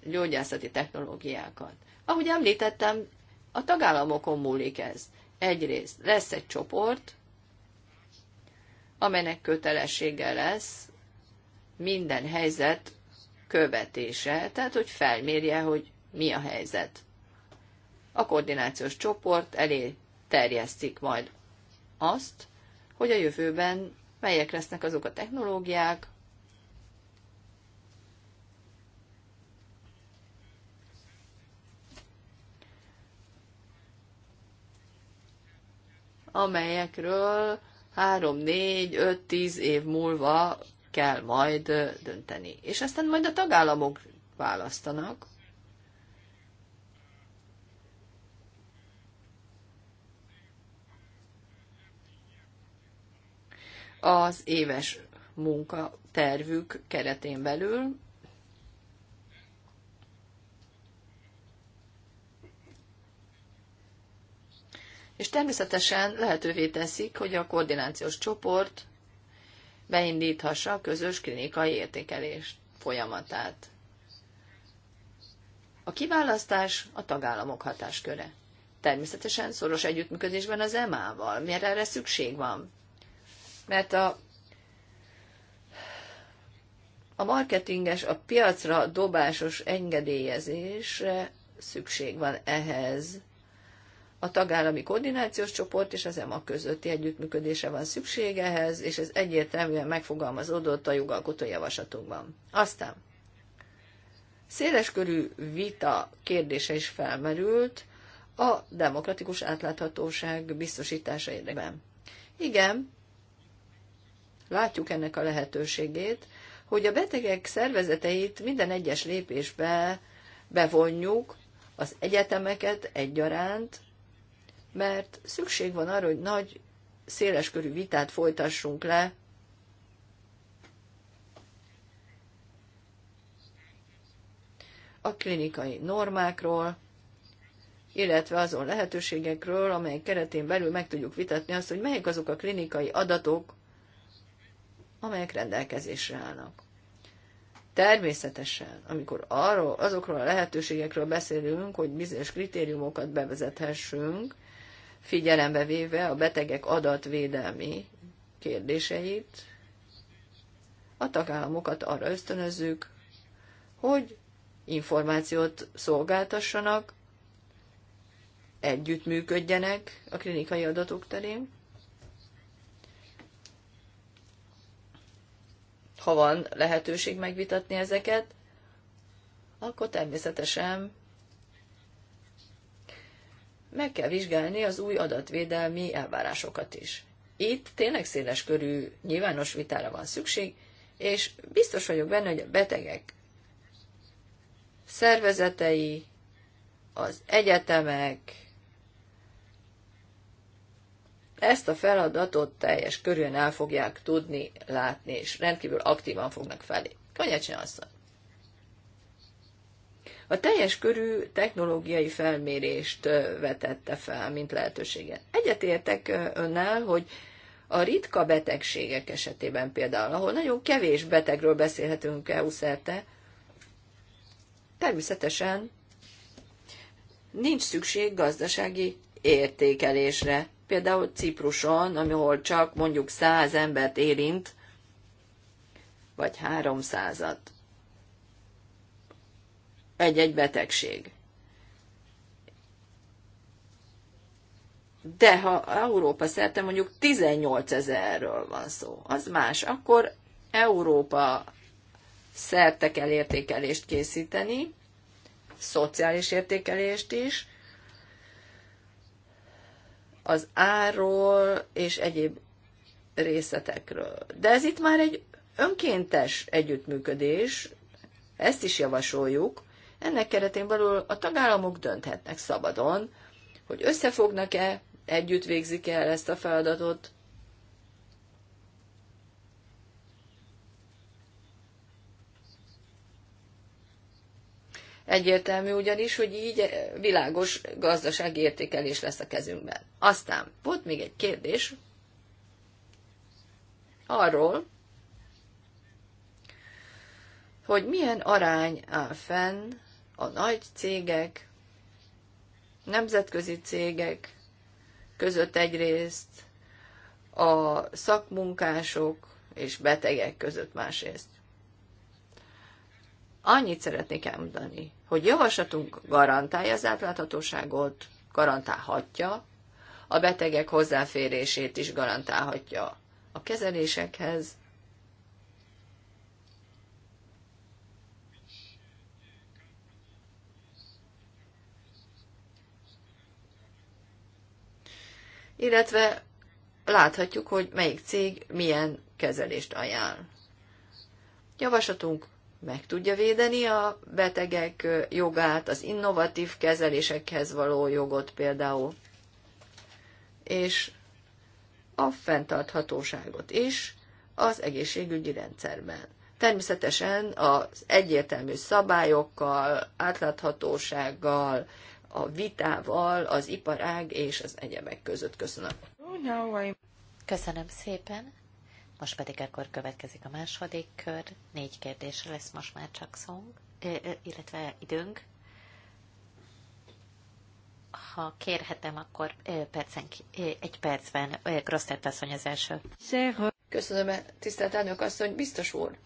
gyógyászati technológiákat. Ahogy említettem, a tagállamokon múlik ez. Egyrészt lesz egy csoport, amelynek kötelessége lesz minden helyzet követése, tehát hogy felmérje, hogy mi a helyzet. A koordinációs csoport elé terjesztik majd azt, hogy a jövőben melyek lesznek azok a technológiák, amelyekről 3, 4, 5, 10 év múlva kell majd dönteni. És aztán majd a tagállamok választanak. Az éves munkatervük keretén belül, és természetesen lehetővé teszik, hogy a koordinációs csoport beindíthassa a közös klinikai értékelés folyamatát. A kiválasztás a tagállamok hatásköre. Természetesen szoros együttműködésben az EMA-val. Miért erre szükség van? Mert a, a marketinges, a piacra dobásos engedélyezésre szükség van ehhez, a tagállami koordinációs csoport és az EMA közötti együttműködése van szükségehez, és ez egyértelműen megfogalmazódott a jogalkotó javaslatokban. Aztán széleskörű vita kérdése is felmerült a demokratikus átláthatóság biztosítása érdekében. Igen, látjuk ennek a lehetőségét, hogy a betegek szervezeteit minden egyes lépésbe bevonjuk, az egyetemeket egyaránt, mert szükség van arra, hogy nagy, széleskörű vitát folytassunk le a klinikai normákról, illetve azon lehetőségekről, amely keretén belül meg tudjuk vitatni azt, hogy melyik azok a klinikai adatok, amelyek rendelkezésre állnak. Természetesen, amikor arról, azokról a lehetőségekről beszélünk, hogy bizonyos kritériumokat bevezethessünk, figyelembe véve a betegek adatvédelmi kérdéseit, a tagállamokat arra ösztönözzük, hogy információt szolgáltassanak, együttműködjenek a klinikai adatok terén, ha van lehetőség megvitatni ezeket, akkor természetesen meg kell vizsgálni az új adatvédelmi elvárásokat is. Itt tényleg széles körű nyilvános vitára van szükség, és biztos vagyok benne, hogy a betegek szervezetei, az egyetemek ezt a feladatot teljes körűen el fogják tudni látni, és rendkívül aktívan fognak felé. Konyecsne asszony a teljes körű technológiai felmérést vetette fel, mint lehetőséget. Egyetértek önnel, hogy a ritka betegségek esetében például, ahol nagyon kevés betegről beszélhetünk EU szerte, természetesen nincs szükség gazdasági értékelésre. Például Cipruson, amihol csak mondjuk száz embert érint, vagy háromszázat egy-egy betegség. De ha Európa szerte mondjuk 18 ezerről van szó, az más, akkor Európa szerte kell értékelést készíteni, szociális értékelést is, az árról és egyéb részletekről. De ez itt már egy önkéntes együttműködés, ezt is javasoljuk, ennek keretén belül a tagállamok dönthetnek szabadon, hogy összefognak-e, együtt végzik el ezt a feladatot, Egyértelmű ugyanis, hogy így világos gazdasági értékelés lesz a kezünkben. Aztán volt még egy kérdés arról, hogy milyen arány áll fenn a nagy cégek, nemzetközi cégek között egyrészt, a szakmunkások és betegek között másrészt. Annyit szeretnék elmondani, hogy javaslatunk garantálja az átláthatóságot, garantálhatja, a betegek hozzáférését is garantálhatja a kezelésekhez, illetve láthatjuk, hogy melyik cég milyen kezelést ajánl. Javaslatunk meg tudja védeni a betegek jogát, az innovatív kezelésekhez való jogot például, és a fenntarthatóságot is az egészségügyi rendszerben. Természetesen az egyértelmű szabályokkal, átláthatósággal, a vitával az iparág és az egyebek között. Köszönöm. Köszönöm szépen. Most pedig akkor következik a második kör. Négy kérdésre lesz most már csak szong, illetve időnk. Ha kérhetem, akkor percen, egy percben Grosztert asszony az első. Köszönöm, tisztelt elnök asszony, biztos úr.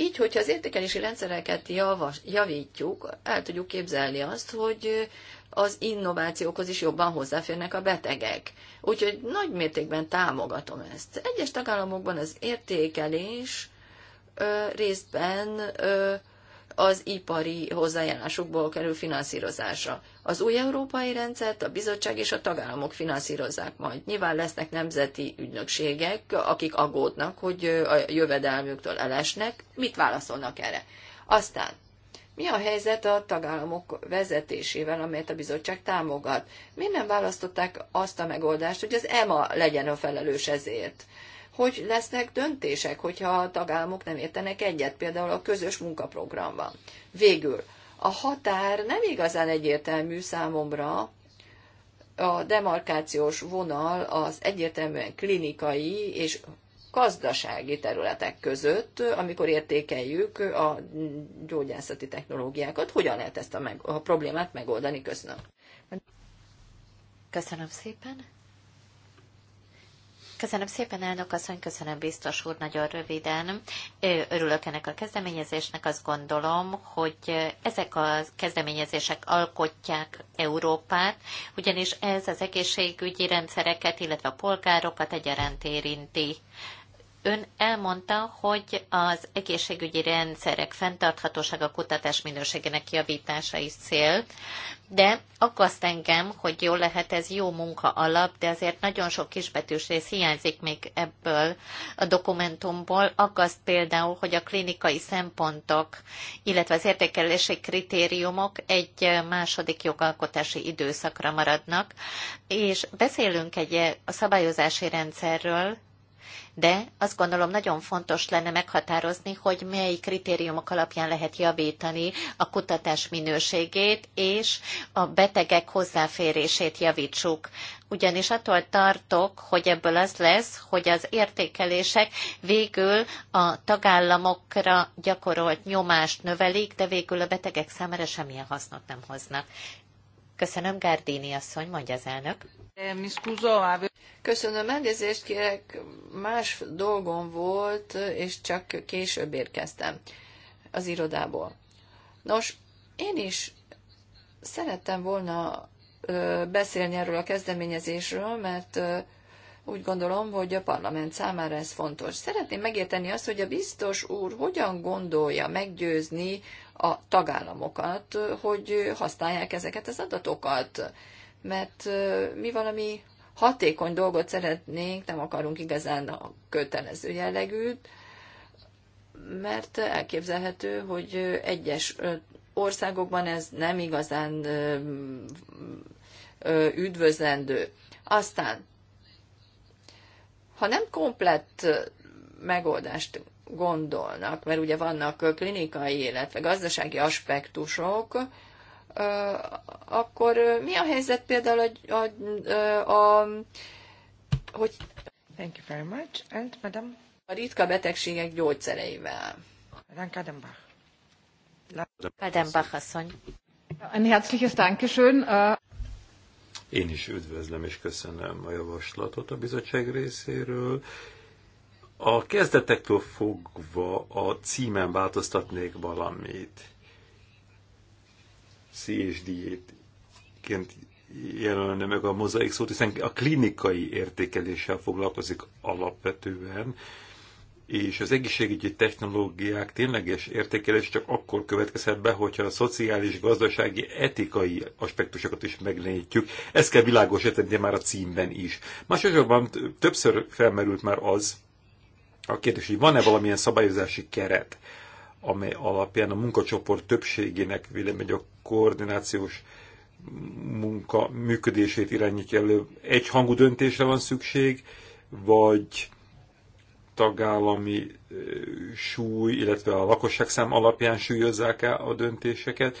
Így, hogyha az értékelési rendszereket javas, javítjuk, el tudjuk képzelni azt, hogy az innovációkhoz is jobban hozzáférnek a betegek. Úgyhogy nagy mértékben támogatom ezt. Egyes tagállamokban az értékelés ö, részben ö, az ipari hozzájárulásukból kerül finanszírozása. Az új európai rendszert a bizottság és a tagállamok finanszírozzák majd. Nyilván lesznek nemzeti ügynökségek, akik aggódnak, hogy a jövedelmüktől elesnek. Mit válaszolnak erre? Aztán mi a helyzet a tagállamok vezetésével, amelyet a bizottság támogat? Miért nem választották azt a megoldást, hogy az EMA legyen a felelős ezért? hogy lesznek döntések, hogyha a tagállamok nem értenek egyet, például a közös munkaprogramban. Végül, a határ nem igazán egyértelmű számomra, a demarkációs vonal az egyértelműen klinikai és gazdasági területek között, amikor értékeljük a gyógyászati technológiákat. Hogyan lehet ezt a, meg, a problémát megoldani? Köszönöm. Köszönöm szépen. Köszönöm szépen, elnök asszony, köszönöm biztos úr, nagyon röviden. Örülök ennek a kezdeményezésnek, azt gondolom, hogy ezek a kezdeményezések alkotják Európát, ugyanis ez az egészségügyi rendszereket, illetve a polgárokat egyaránt érinti. Ön elmondta, hogy az egészségügyi rendszerek fenntarthatósága kutatás minőségének javítása is cél de akaszt engem, hogy jó lehet ez jó munka alap, de azért nagyon sok kisbetűs rész hiányzik még ebből a dokumentumból. Akaszt például, hogy a klinikai szempontok, illetve az értékelési kritériumok egy második jogalkotási időszakra maradnak, és beszélünk egy a szabályozási rendszerről, de azt gondolom nagyon fontos lenne meghatározni, hogy mely kritériumok alapján lehet javítani a kutatás minőségét, és a betegek hozzáférését javítsuk ugyanis attól tartok, hogy ebből az lesz, hogy az értékelések végül a tagállamokra gyakorolt nyomást növelik, de végül a betegek számára semmilyen hasznot nem hoznak. Köszönöm, Gárdini asszony, mondja az elnök. Köszönöm, elnézést kérek, más dolgom volt, és csak később érkeztem az irodából. Nos, én is szerettem volna beszélni erről a kezdeményezésről, mert úgy gondolom, hogy a parlament számára ez fontos. Szeretném megérteni azt, hogy a biztos úr hogyan gondolja meggyőzni a tagállamokat, hogy használják ezeket az adatokat. Mert mi valami hatékony dolgot szeretnénk, nem akarunk igazán a kötelező jellegűt, mert elképzelhető, hogy egyes országokban ez nem igazán üdvözlendő. Aztán, ha nem komplett megoldást gondolnak, mert ugye vannak klinikai, illetve gazdasági aspektusok, akkor mi a helyzet például a, a, a, a hogy Thank you very much. And, madam? a ritka betegségek gyógyszereivel? Kadenbach asszony. Ein herzliches Dankeschön. Äh, Én is üdvözlöm és köszönöm a javaslatot a bizottság részéről, a kezdetektől fogva a címen változtatnék valamit. CSD-ként jelölne meg a mozaik szót, hiszen a klinikai értékeléssel foglalkozik alapvetően, és az egészségügyi technológiák tényleges értékelés csak akkor következhet be, hogyha a szociális, gazdasági, etikai aspektusokat is megnézjük. Ezt kell világosítani már a címben is. Másodszorban többször felmerült már az, a kérdés, hogy van-e valamilyen szabályozási keret, amely alapján a munkacsoport többségének vélemény a koordinációs munka működését irányítja elő. hangú döntésre van szükség, vagy tagállami súly, illetve a lakosság szám alapján súlyozzák el a döntéseket.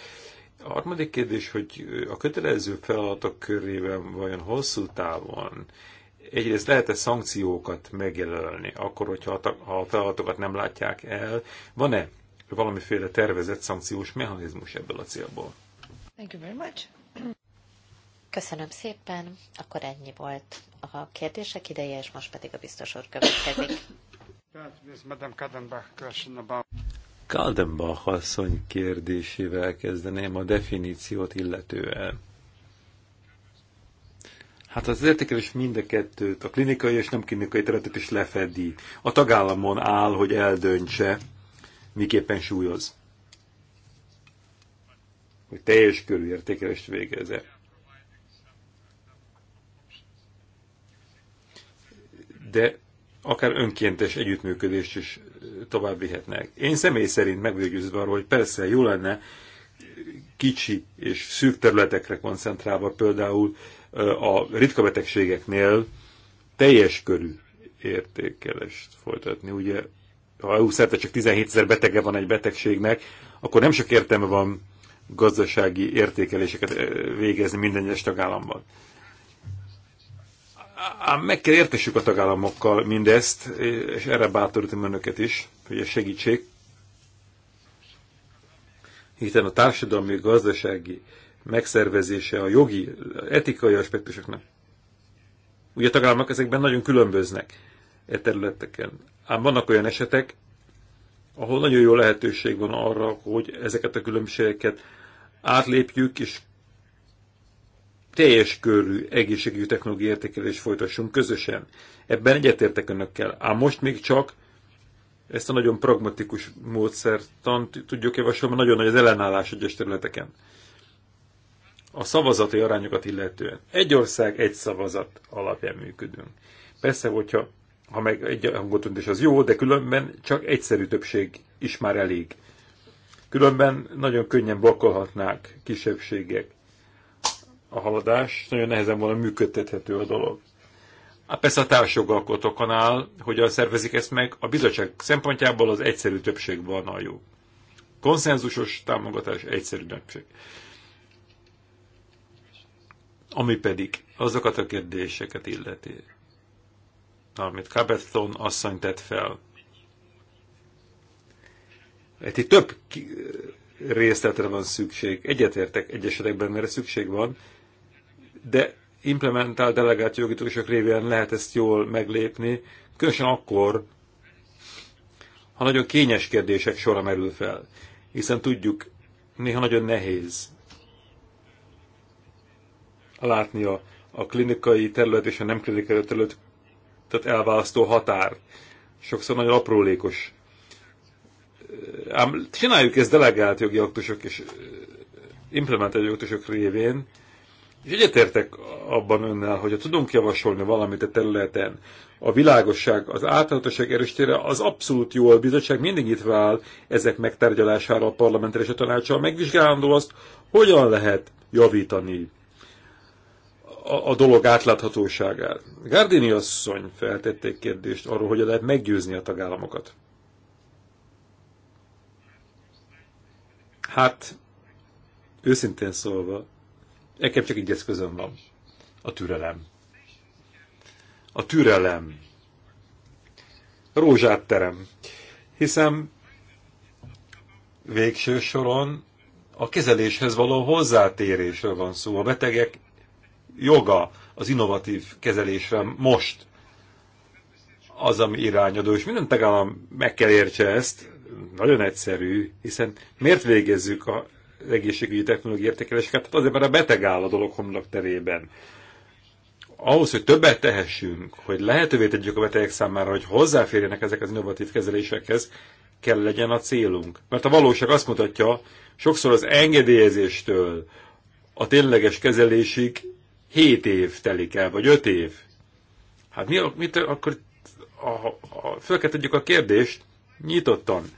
A harmadik kérdés, hogy a kötelező feladatok körében vajon hosszú távon egyrészt lehet-e szankciókat megjelölni, akkor, hogyha a feladatokat nem látják el, van-e valamiféle tervezett szankciós mechanizmus ebből a célból? Thank you very much. Köszönöm szépen, akkor ennyi volt a kérdések ideje, és most pedig a biztos úr következik. Kaldenbach asszony kérdésével kezdeném a definíciót illetően. Hát az értékelés mind a kettőt, a klinikai és nem klinikai területet is lefedi. A tagállamon áll, hogy eldöntse, miképpen súlyoz. Hogy teljes körű értékelést végezze. De akár önkéntes együttműködést is tovább vihetnek. Én személy szerint meggyőződve arról, hogy persze jó lenne kicsi és szűk területekre koncentrálva például a ritka betegségeknél teljes körű értékelést folytatni. Ugye, ha EU szerte csak 17 ezer betege van egy betegségnek, akkor nem sok értelme van gazdasági értékeléseket eh, végezni minden egyes tagállamban. Ám meg kell értessük a tagállamokkal mindezt, és erre bátorítom önöket is, hogy a segítség. Hiszen a társadalmi gazdasági megszervezése, a jogi, etikai aspektusoknak. Ugye a tagállamok ezekben nagyon különböznek e területeken. Ám vannak olyan esetek, ahol nagyon jó lehetőség van arra, hogy ezeket a különbségeket átlépjük, és teljes körű egészségügyi technológiai értékelés folytassunk közösen. Ebben egyetértek önökkel. Ám most még csak ezt a nagyon pragmatikus módszertant tudjuk javasolni, mert nagyon nagy az ellenállás egyes területeken a szavazati arányokat illetően. Egy ország, egy szavazat alapján működünk. Persze, hogyha ha meg egy hangot döntés az jó, de különben csak egyszerű többség is már elég. Különben nagyon könnyen blokkolhatnák kisebbségek a haladás, nagyon nehezen volna működtethető a dolog. A persze a társjogalkotókon áll, hogyan szervezik ezt meg, a bizottság szempontjából az egyszerű többség van a jó. Konszenzusos támogatás, egyszerű többség. Ami pedig azokat a kérdéseket illeti, amit Cabethon asszony tett fel. egy itt több részletre van szükség. Egyetértek egyesekben, mert szükség van, de implementál delegált jogítósok révén lehet ezt jól meglépni, különösen akkor, ha nagyon kényes kérdések sora merül fel. Hiszen tudjuk, néha nagyon nehéz látni a, a klinikai terület és a nem klinikai terület tehát elválasztó határ. Sokszor nagyon aprólékos. Ám csináljuk ezt delegált jogi aktusok és implementált jogi aktusok révén, és egyetértek abban önnel, ha tudunk javasolni valamit a területen, a világosság, az általánosság erőstére az abszolút jó, a bizottság mindig itt áll ezek megtárgyalására a parlamentre és a tanácsal, megvizsgálandó azt, hogyan lehet javítani a, a dolog átláthatóságát. Gardini asszony feltették kérdést arról, hogy lehet meggyőzni a tagállamokat. Hát, őszintén szólva, nekem csak egy eszközöm van. A türelem. A türelem. Rózsát terem. Hiszen végső soron a kezeléshez való hozzátérésről van szó. A betegek joga az innovatív kezelésre most az, ami irányadó, és minden tagállam meg kell értse ezt, nagyon egyszerű, hiszen miért végezzük a egészségügyi technológiai értékeléseket? Hát azért, mert a beteg áll a dolog homlok terében. Ahhoz, hogy többet tehessünk, hogy lehetővé tegyük a betegek számára, hogy hozzáférjenek ezek az innovatív kezelésekhez, kell legyen a célunk. Mert a valóság azt mutatja, sokszor az engedélyezéstől a tényleges kezelésig 7 év telik el, vagy 5 év. Hát mi, mit, akkor a, a, föl kell tudjuk a kérdést nyitottan.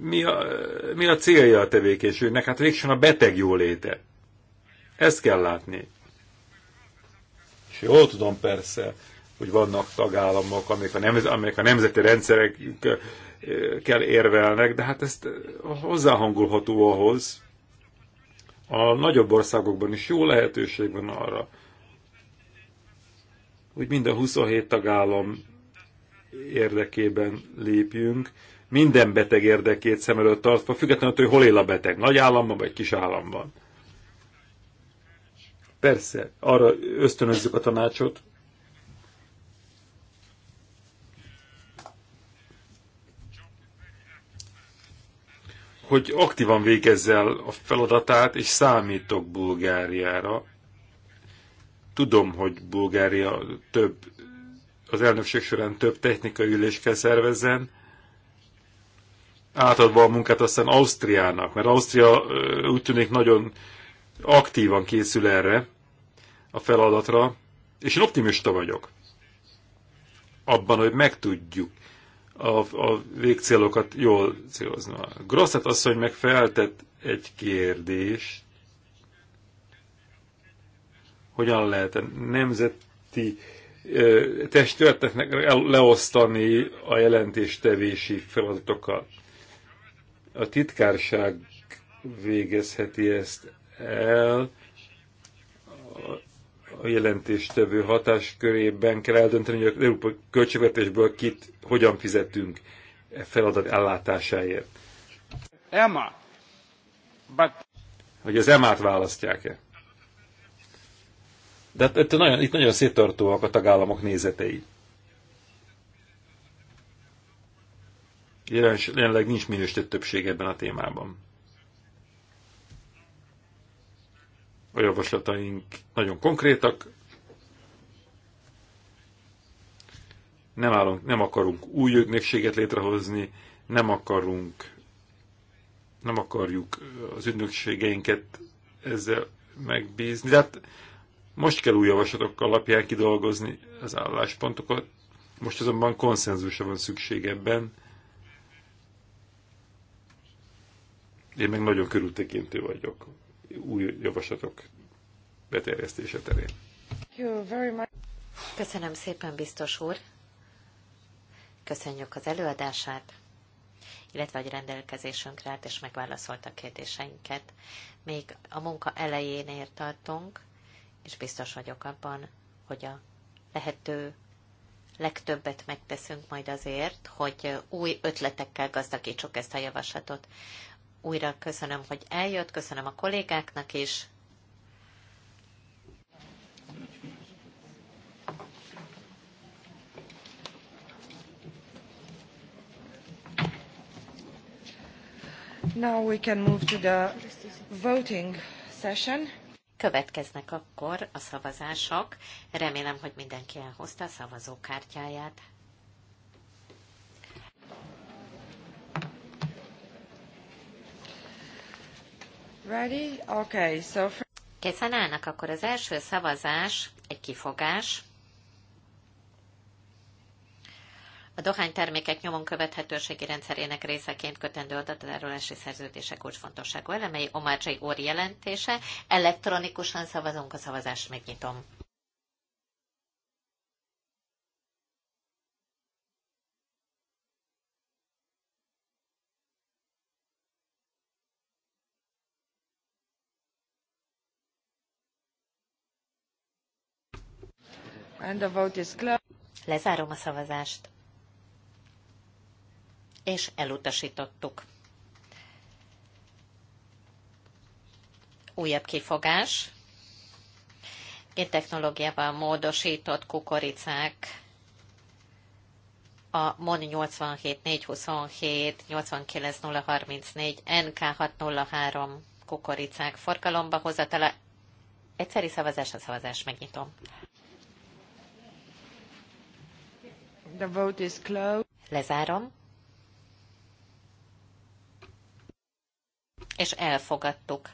Mi a, mi a célja a tevékenységnek? Hát végsőn a beteg jóléte. Ezt kell látni. És jól tudom persze, hogy vannak tagállamok, amelyek a, nemz, amelyek a nemzeti rendszerekkel érvelnek, de hát ezt hozzáhangulható ahhoz, a nagyobb országokban is jó lehetőség van arra, hogy minden 27 tagállam érdekében lépjünk, minden beteg érdekét szem előtt tartva, függetlenül, hogy hol él a beteg, nagy államban vagy kis államban. Persze, arra ösztönözzük a tanácsot, hogy aktívan végezzel a feladatát, és számítok Bulgáriára. Tudom, hogy Bulgária több, az elnökség során több technikai ülés kell szervezzen, átadva a munkát aztán Ausztriának, mert Ausztria úgy tűnik nagyon aktívan készül erre a feladatra, és én optimista vagyok abban, hogy meg tudjuk a, a végcélokat jól A Grosset asszony meg feltett egy kérdés, hogyan lehet a nemzeti testületeknek leosztani a jelentéstevési feladatokat. A titkárság végezheti ezt el, a jelentéstevő hatáskörében kell eldönteni, hogy az európai költségvetésből kit hogyan fizetünk e feladat ellátásáért. Emma, but... Hogy az emát választják-e? De hát itt nagyon, itt nagyon széttartóak a tagállamok nézetei. Jelenleg nincs minősített többség ebben a témában. A javaslataink nagyon konkrétak. Nem, állunk, nem akarunk új ügynökséget létrehozni, nem akarunk, nem akarjuk az ügynökségeinket ezzel megbízni. De hát most kell új javaslatok alapján kidolgozni az álláspontokat, most azonban konszenzusra van szükség ebben. Én meg nagyon körültekintő vagyok új javaslatok beterjesztése terén. Köszönöm szépen, biztos úr! Köszönjük az előadását, illetve hogy rendelkezésünkre állt és megválaszolta a kérdéseinket. Még a munka elején tartunk, és biztos vagyok abban, hogy a lehető legtöbbet megteszünk majd azért, hogy új ötletekkel gazdagítsuk ezt a javaslatot újra köszönöm, hogy eljött, köszönöm a kollégáknak is. Now we can move to the voting session. Következnek akkor a szavazások. Remélem, hogy mindenki elhozta a szavazókártyáját. Ready? Okay, so... Készen állnak, akkor az első szavazás egy kifogás. A dohánytermékek nyomon követhetőségi rendszerének részeként kötendő adatárolási szerződések kulcsfontosságú elemei, Omar J. Orr jelentése. Elektronikusan szavazunk, a szavazást megnyitom. And the vote is Lezárom a szavazást. És elutasítottuk. Újabb kifogás. Géntechnológiával módosított kukoricák a MON 87 427 89 NK 603 kukoricák forgalomba hozatala. Egyszeri szavazás a szavazás, megnyitom. The vote is closed. Lezárom. És elfogadtuk.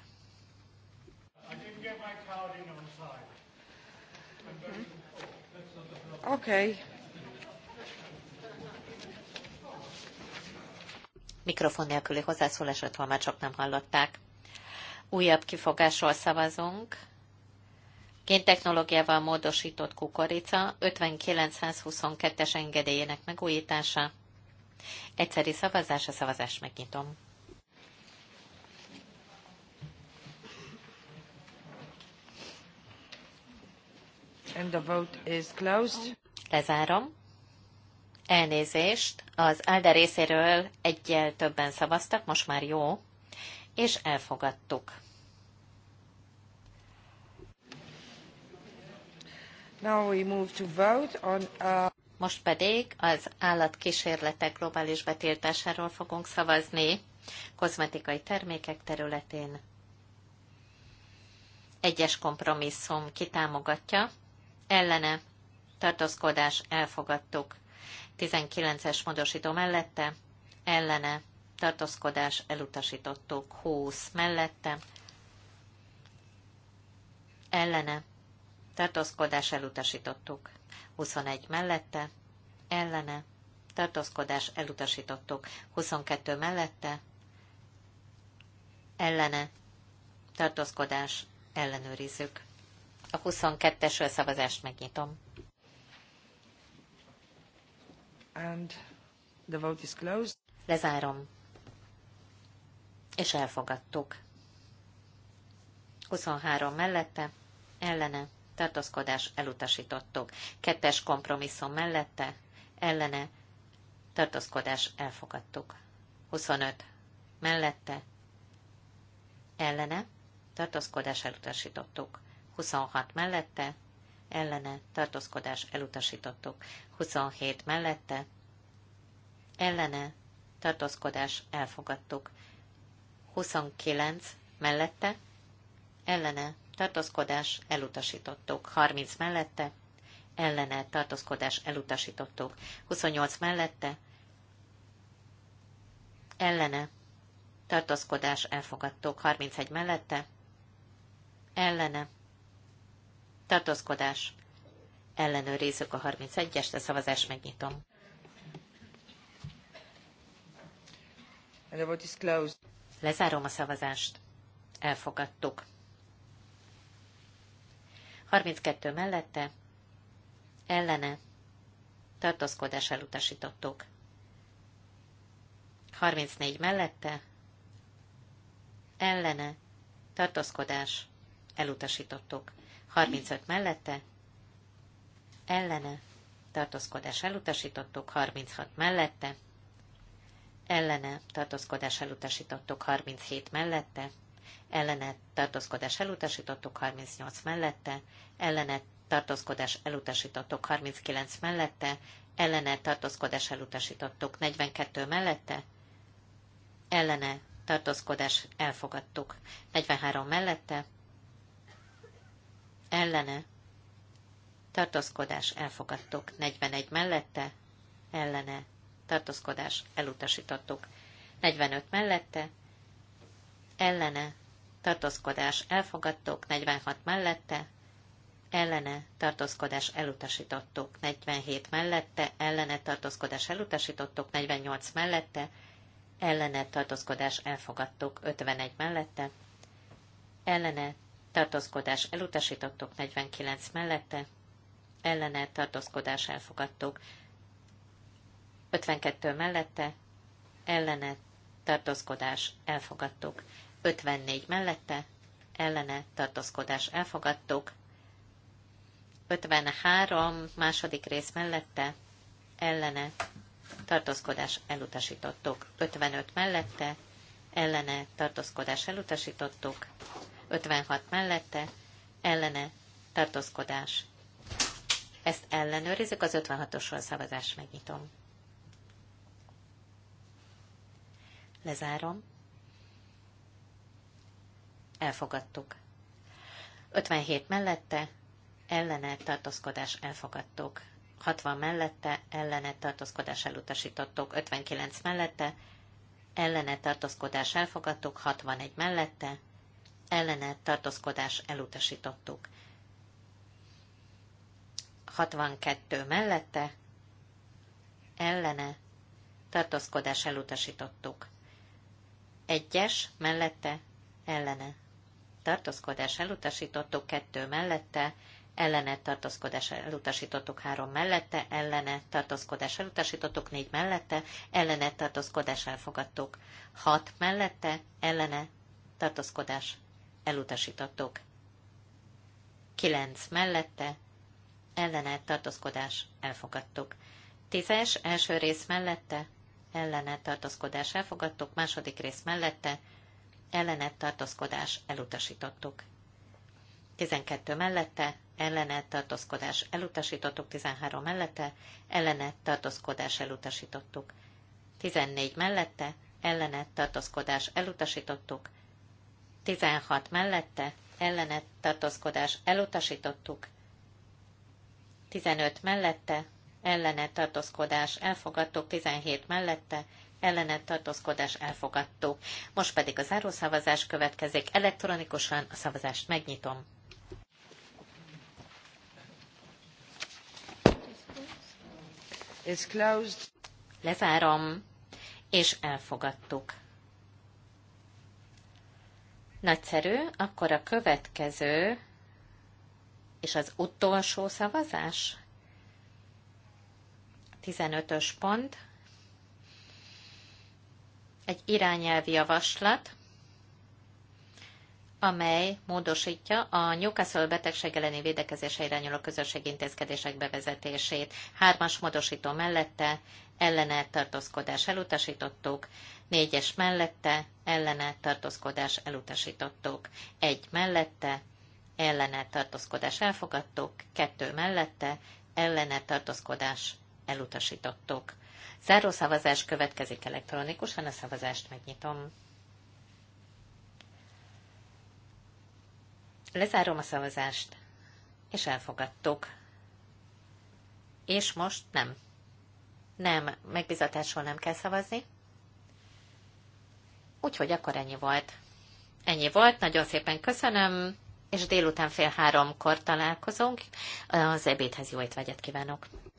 Okay. Mikrofon nélküli hozzászólásra csak nem hallották. Újabb kifogásról szavazunk géntechnológiával módosított kukorica 59122-es engedélyének megújítása. Egyszeri szavazás, a szavazás megnyitom. And the vote is closed. Lezárom. Elnézést, az Alde részéről egyel többen szavaztak, most már jó, és elfogadtuk. Uh, Most pedig az állatkísérletek globális betiltásáról fogunk szavazni kozmetikai termékek területén. Egyes kompromisszum kitámogatja, ellene tartózkodás elfogadtuk. 19-es módosító mellette, ellene tartózkodás elutasítottuk. 20 mellette, ellene tartózkodás elutasítottuk. 21 mellette, ellene, tartózkodás elutasítottuk. 22 mellette, ellene, tartózkodás ellenőrizzük. A 22 es szavazást megnyitom. And the vote is closed. Lezárom. És elfogadtuk. 23 mellette, ellene, tartózkodás elutasítottuk. Kettes kompromisszum mellette, ellene, tartózkodás elfogadtuk. 25. Mellette, ellene, tartózkodás elutasítottuk. 26 mellette, ellene, tartózkodás elutasítottuk. 27 mellette, ellene, tartózkodás elfogadtuk. 29 mellette, ellene, tartózkodás, elutasítottuk. 30 mellette, ellene, tartózkodás, elutasítottuk. 28 mellette, ellene, tartózkodás, elfogadtuk. 31 mellette, ellene, tartózkodás, ellenőrizzük a 31-est, a szavazást megnyitom. Lezárom a szavazást. Elfogadtuk. 32 mellette, ellene, tartózkodás elutasítottuk. 34 mellette, ellene, tartózkodás elutasítottuk. 35 mellette, ellene, tartózkodás elutasítottuk, 36 mellette, ellene, tartózkodás elutasítottuk, 37 mellette, ellene tartózkodás elutasítottuk, 38 mellette, ellene tartózkodás elutasítottuk, 39 mellette, ellene tartózkodás elutasítottuk, 42 mellette, ellene tartózkodás elfogadtuk, 43 mellette, ellene tartózkodás elfogadtuk, 41 mellette, ellene tartózkodás elutasítottuk, 45 mellette, ellene tartózkodás elfogadtok 46 mellette, ellene tartózkodás elutasítottok 47 mellette, ellene tartózkodás elutasítottok 48 mellette, ellene tartózkodás elfogadtok 51 mellette, ellene tartózkodás elutasítottok 49 mellette, ellene tartózkodás elfogadtok 52 mellette, ellene tartózkodás elfogadtok 54 mellette, ellene tartózkodás elfogadtuk, 53 második rész mellette, ellene tartózkodás elutasítottuk, 55 mellette, ellene tartózkodás elutasítottuk, 56 mellette, ellene tartózkodás. Ezt ellenőrizzük, az 56-osról szavazást megnyitom. Lezárom elfogadtuk. 57 mellette, ellene tartózkodás elfogadtuk. 60 mellette, ellene tartózkodás elutasítottuk. 59 mellette, ellene tartózkodás elfogadtuk. 61 mellette, ellene tartózkodás elutasítottuk. 62 mellette, ellene tartózkodás elutasítottuk. Egyes mellette, ellene tartózkodás elutasítottuk, kettő mellette, ellene tartózkodás elutasítottuk három mellette, ellene tartózkodás elutasítottuk négy mellette, ellene tartózkodás elfogadtuk hat mellette, ellene tartózkodás elutasítottuk kilenc mellette, ellene tartózkodás elfogadtuk. Tízes első rész mellette, ellene tartózkodás elfogadtuk, második rész mellette, ellenet tartózkodás elutasítottuk. 12 mellette, ellenet tartózkodás elutasítottuk, 13 mellette, ellenet tartózkodás elutasítottuk. 14 mellette, ellenet tartózkodás elutasítottuk. 16 mellette, ellenet tartózkodás elutasítottuk. 15 mellette, ellene tartózkodás elfogadtuk, 17 mellette, ellenet tartózkodás elfogadtuk. Most pedig a zárószavazás következik. Elektronikusan a szavazást megnyitom. It's closed. Lezárom, és elfogadtuk. Nagyszerű, akkor a következő és az utolsó szavazás. 15-ös pont egy irányelvi javaslat, amely módosítja a Newcastle betegség elleni védekezésre irányuló közösség intézkedések bevezetését. Hármas módosító mellette ellene tartózkodás elutasítottuk, négyes mellette ellene tartózkodás elutasítottuk, egy mellette ellene tartózkodás elfogadtuk, kettő mellette ellene tartózkodás elutasítottuk. Záró szavazás következik elektronikusan, a szavazást megnyitom. Lezárom a szavazást, és elfogadtuk. És most nem. Nem, megbizatásról nem kell szavazni. Úgyhogy akkor ennyi volt. Ennyi volt, nagyon szépen köszönöm, és délután fél háromkor találkozunk. Az ebédhez jó étvágyat kívánok!